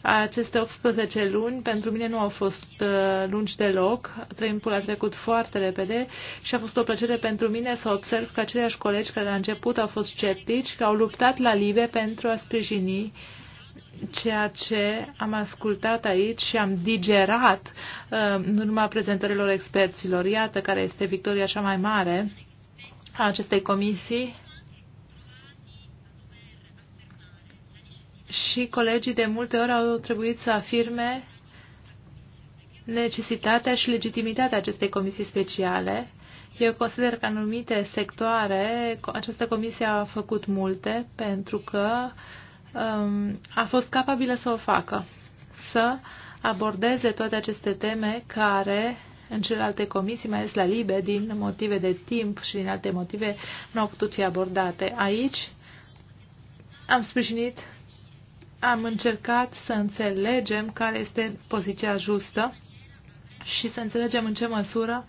Speaker 2: aceste 18 luni pentru mine nu au fost uh, lungi deloc. Timpul a trecut foarte repede și a fost o plăcere pentru mine să observ că aceleași colegi care la început au fost sceptici, că au luptat la live pentru a sprijini ceea ce am ascultat aici și am digerat uh, în urma prezentărilor experților. Iată care este victoria cea mai mare a acestei comisii și colegii de multe ori au trebuit să afirme necesitatea și legitimitatea acestei comisii speciale. Eu consider că în anumite sectoare această comisie a făcut multe pentru că um, a fost capabilă să o facă, să abordeze toate aceste teme care în celelalte comisii, mai ales la LIBE, din motive de timp și din alte motive, nu au putut fi abordate. Aici am sprijinit, am încercat să înțelegem care este poziția justă și să înțelegem în ce măsură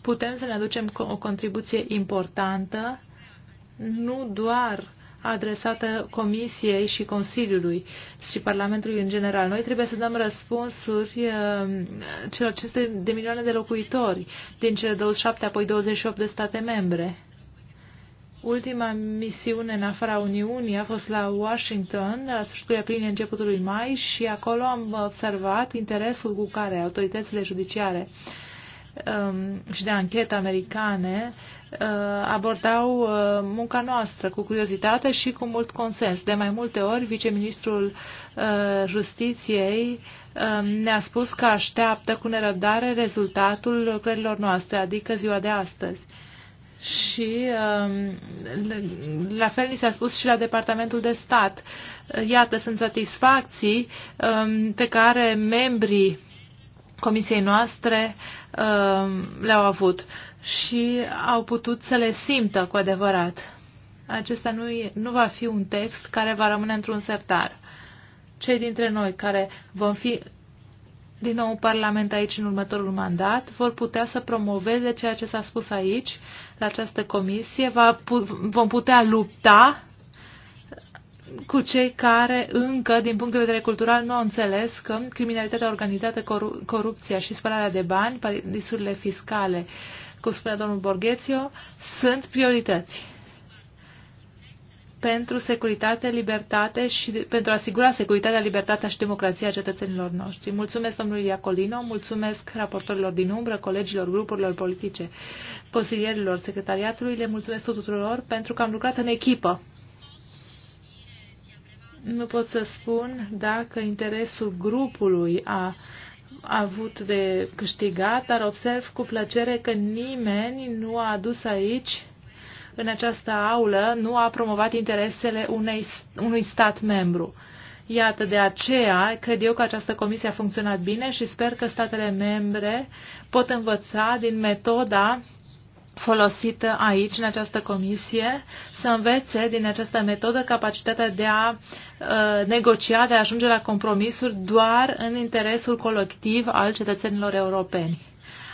Speaker 2: putem să ne aducem o contribuție importantă, nu doar adresată Comisiei și Consiliului și Parlamentului în general. Noi trebuie să dăm răspunsuri uh, celor aceste de milioane de locuitori din cele 27, apoi 28 de state membre. Ultima misiune în afara Uniunii a fost la Washington la sfârșitul aprilie, începutul lui mai și acolo am observat interesul cu care autoritățile judiciare um, și de anchetă americane uh, Uh, abordau uh, munca noastră cu curiozitate și cu mult consens. De mai multe ori, viceministrul uh, Justiției um, ne-a spus că așteaptă cu nerăbdare rezultatul lucrărilor noastre, adică ziua de astăzi. Și um, la fel ni s-a spus și la Departamentul de Stat. Iată, sunt satisfacții um, pe care membrii Comisiei noastre le-au avut și au putut să le simtă cu adevărat. Acesta nu, e, nu va fi un text care va rămâne într-un sertar. Cei dintre noi care vom fi din nou în Parlament aici în următorul mandat, vor putea să promoveze ceea ce s-a spus aici, la această comisie, va, pu vom putea lupta cu cei care încă, din punct de vedere cultural, nu au înțeles că criminalitatea organizată, coru corupția și spălarea de bani, disurile fiscale, cum spunea domnul Borghețio, sunt priorități pentru securitate, libertate și pentru a asigura securitatea, libertatea și democrația cetățenilor noștri. Mulțumesc domnului Iacolino, mulțumesc raportorilor din umbră, colegilor, grupurilor politice, consilierilor, secretariatului, le mulțumesc tuturor pentru că am lucrat în echipă. Nu pot să spun dacă interesul grupului a avut de câștigat, dar observ cu plăcere că nimeni nu a adus aici, în această aulă, nu a promovat interesele unei, unui stat membru. Iată, de aceea cred eu că această comisie a funcționat bine și sper că statele membre pot învăța din metoda folosită aici, în această comisie, să învețe din această metodă capacitatea de a uh, negocia, de a ajunge la compromisuri doar în interesul colectiv al cetățenilor europeni.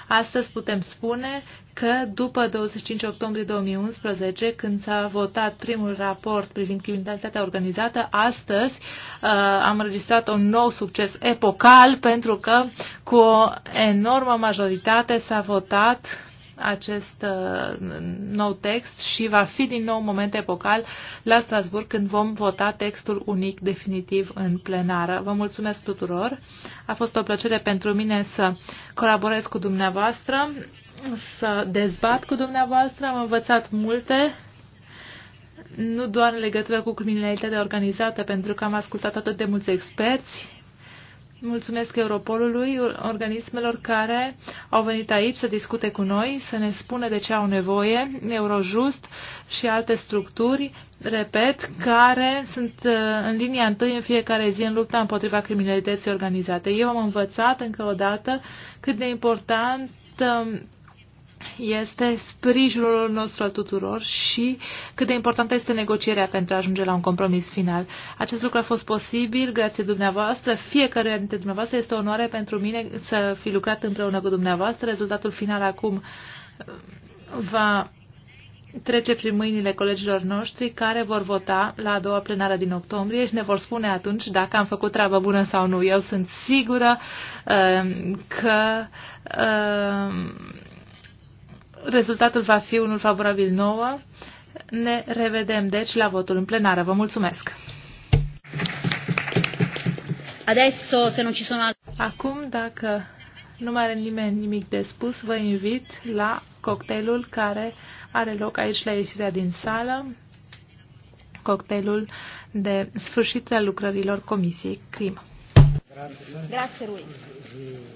Speaker 2: Astăzi putem spune că după 25 octombrie 2011, când s-a votat primul raport privind criminalitatea organizată, astăzi uh, am înregistrat un nou succes epocal pentru că cu o enormă majoritate s-a votat acest uh, nou text și va fi din nou un moment epocal la Strasburg când vom vota textul unic definitiv în plenară. Vă mulțumesc tuturor. A fost o plăcere pentru mine să colaborez cu dumneavoastră, să dezbat cu dumneavoastră. Am învățat multe nu doar în legătură cu criminalitatea organizată, pentru că am ascultat atât de mulți experți, Mulțumesc Europolului, organismelor care au venit aici să discute cu noi, să ne spună de ce au nevoie, Eurojust și alte structuri, repet, care sunt uh, în linia întâi în fiecare zi în lupta împotriva criminalității organizate. Eu am învățat încă o dată cât de important um, este sprijinul nostru al tuturor și cât de importantă este negocierea pentru a ajunge la un compromis final. Acest lucru a fost posibil grație dumneavoastră. Fiecare dintre dumneavoastră este o onoare pentru mine să fi lucrat împreună cu dumneavoastră. Rezultatul final acum uh, va trece prin mâinile colegilor noștri care vor vota la a doua plenară din octombrie și ne vor spune atunci dacă am făcut treabă bună sau nu. Eu sunt sigură uh, că uh, rezultatul va fi unul favorabil nouă. Ne revedem, deci, la votul în plenară. Vă mulțumesc! Adesso, se non ci sono Acum, dacă nu mai are nimeni nimic de spus, vă invit la cocktailul care are loc aici la ieșirea din sală, cocktailul de sfârșit al lucrărilor Comisiei Crimă.
Speaker 1: Grazie, Grazie lui.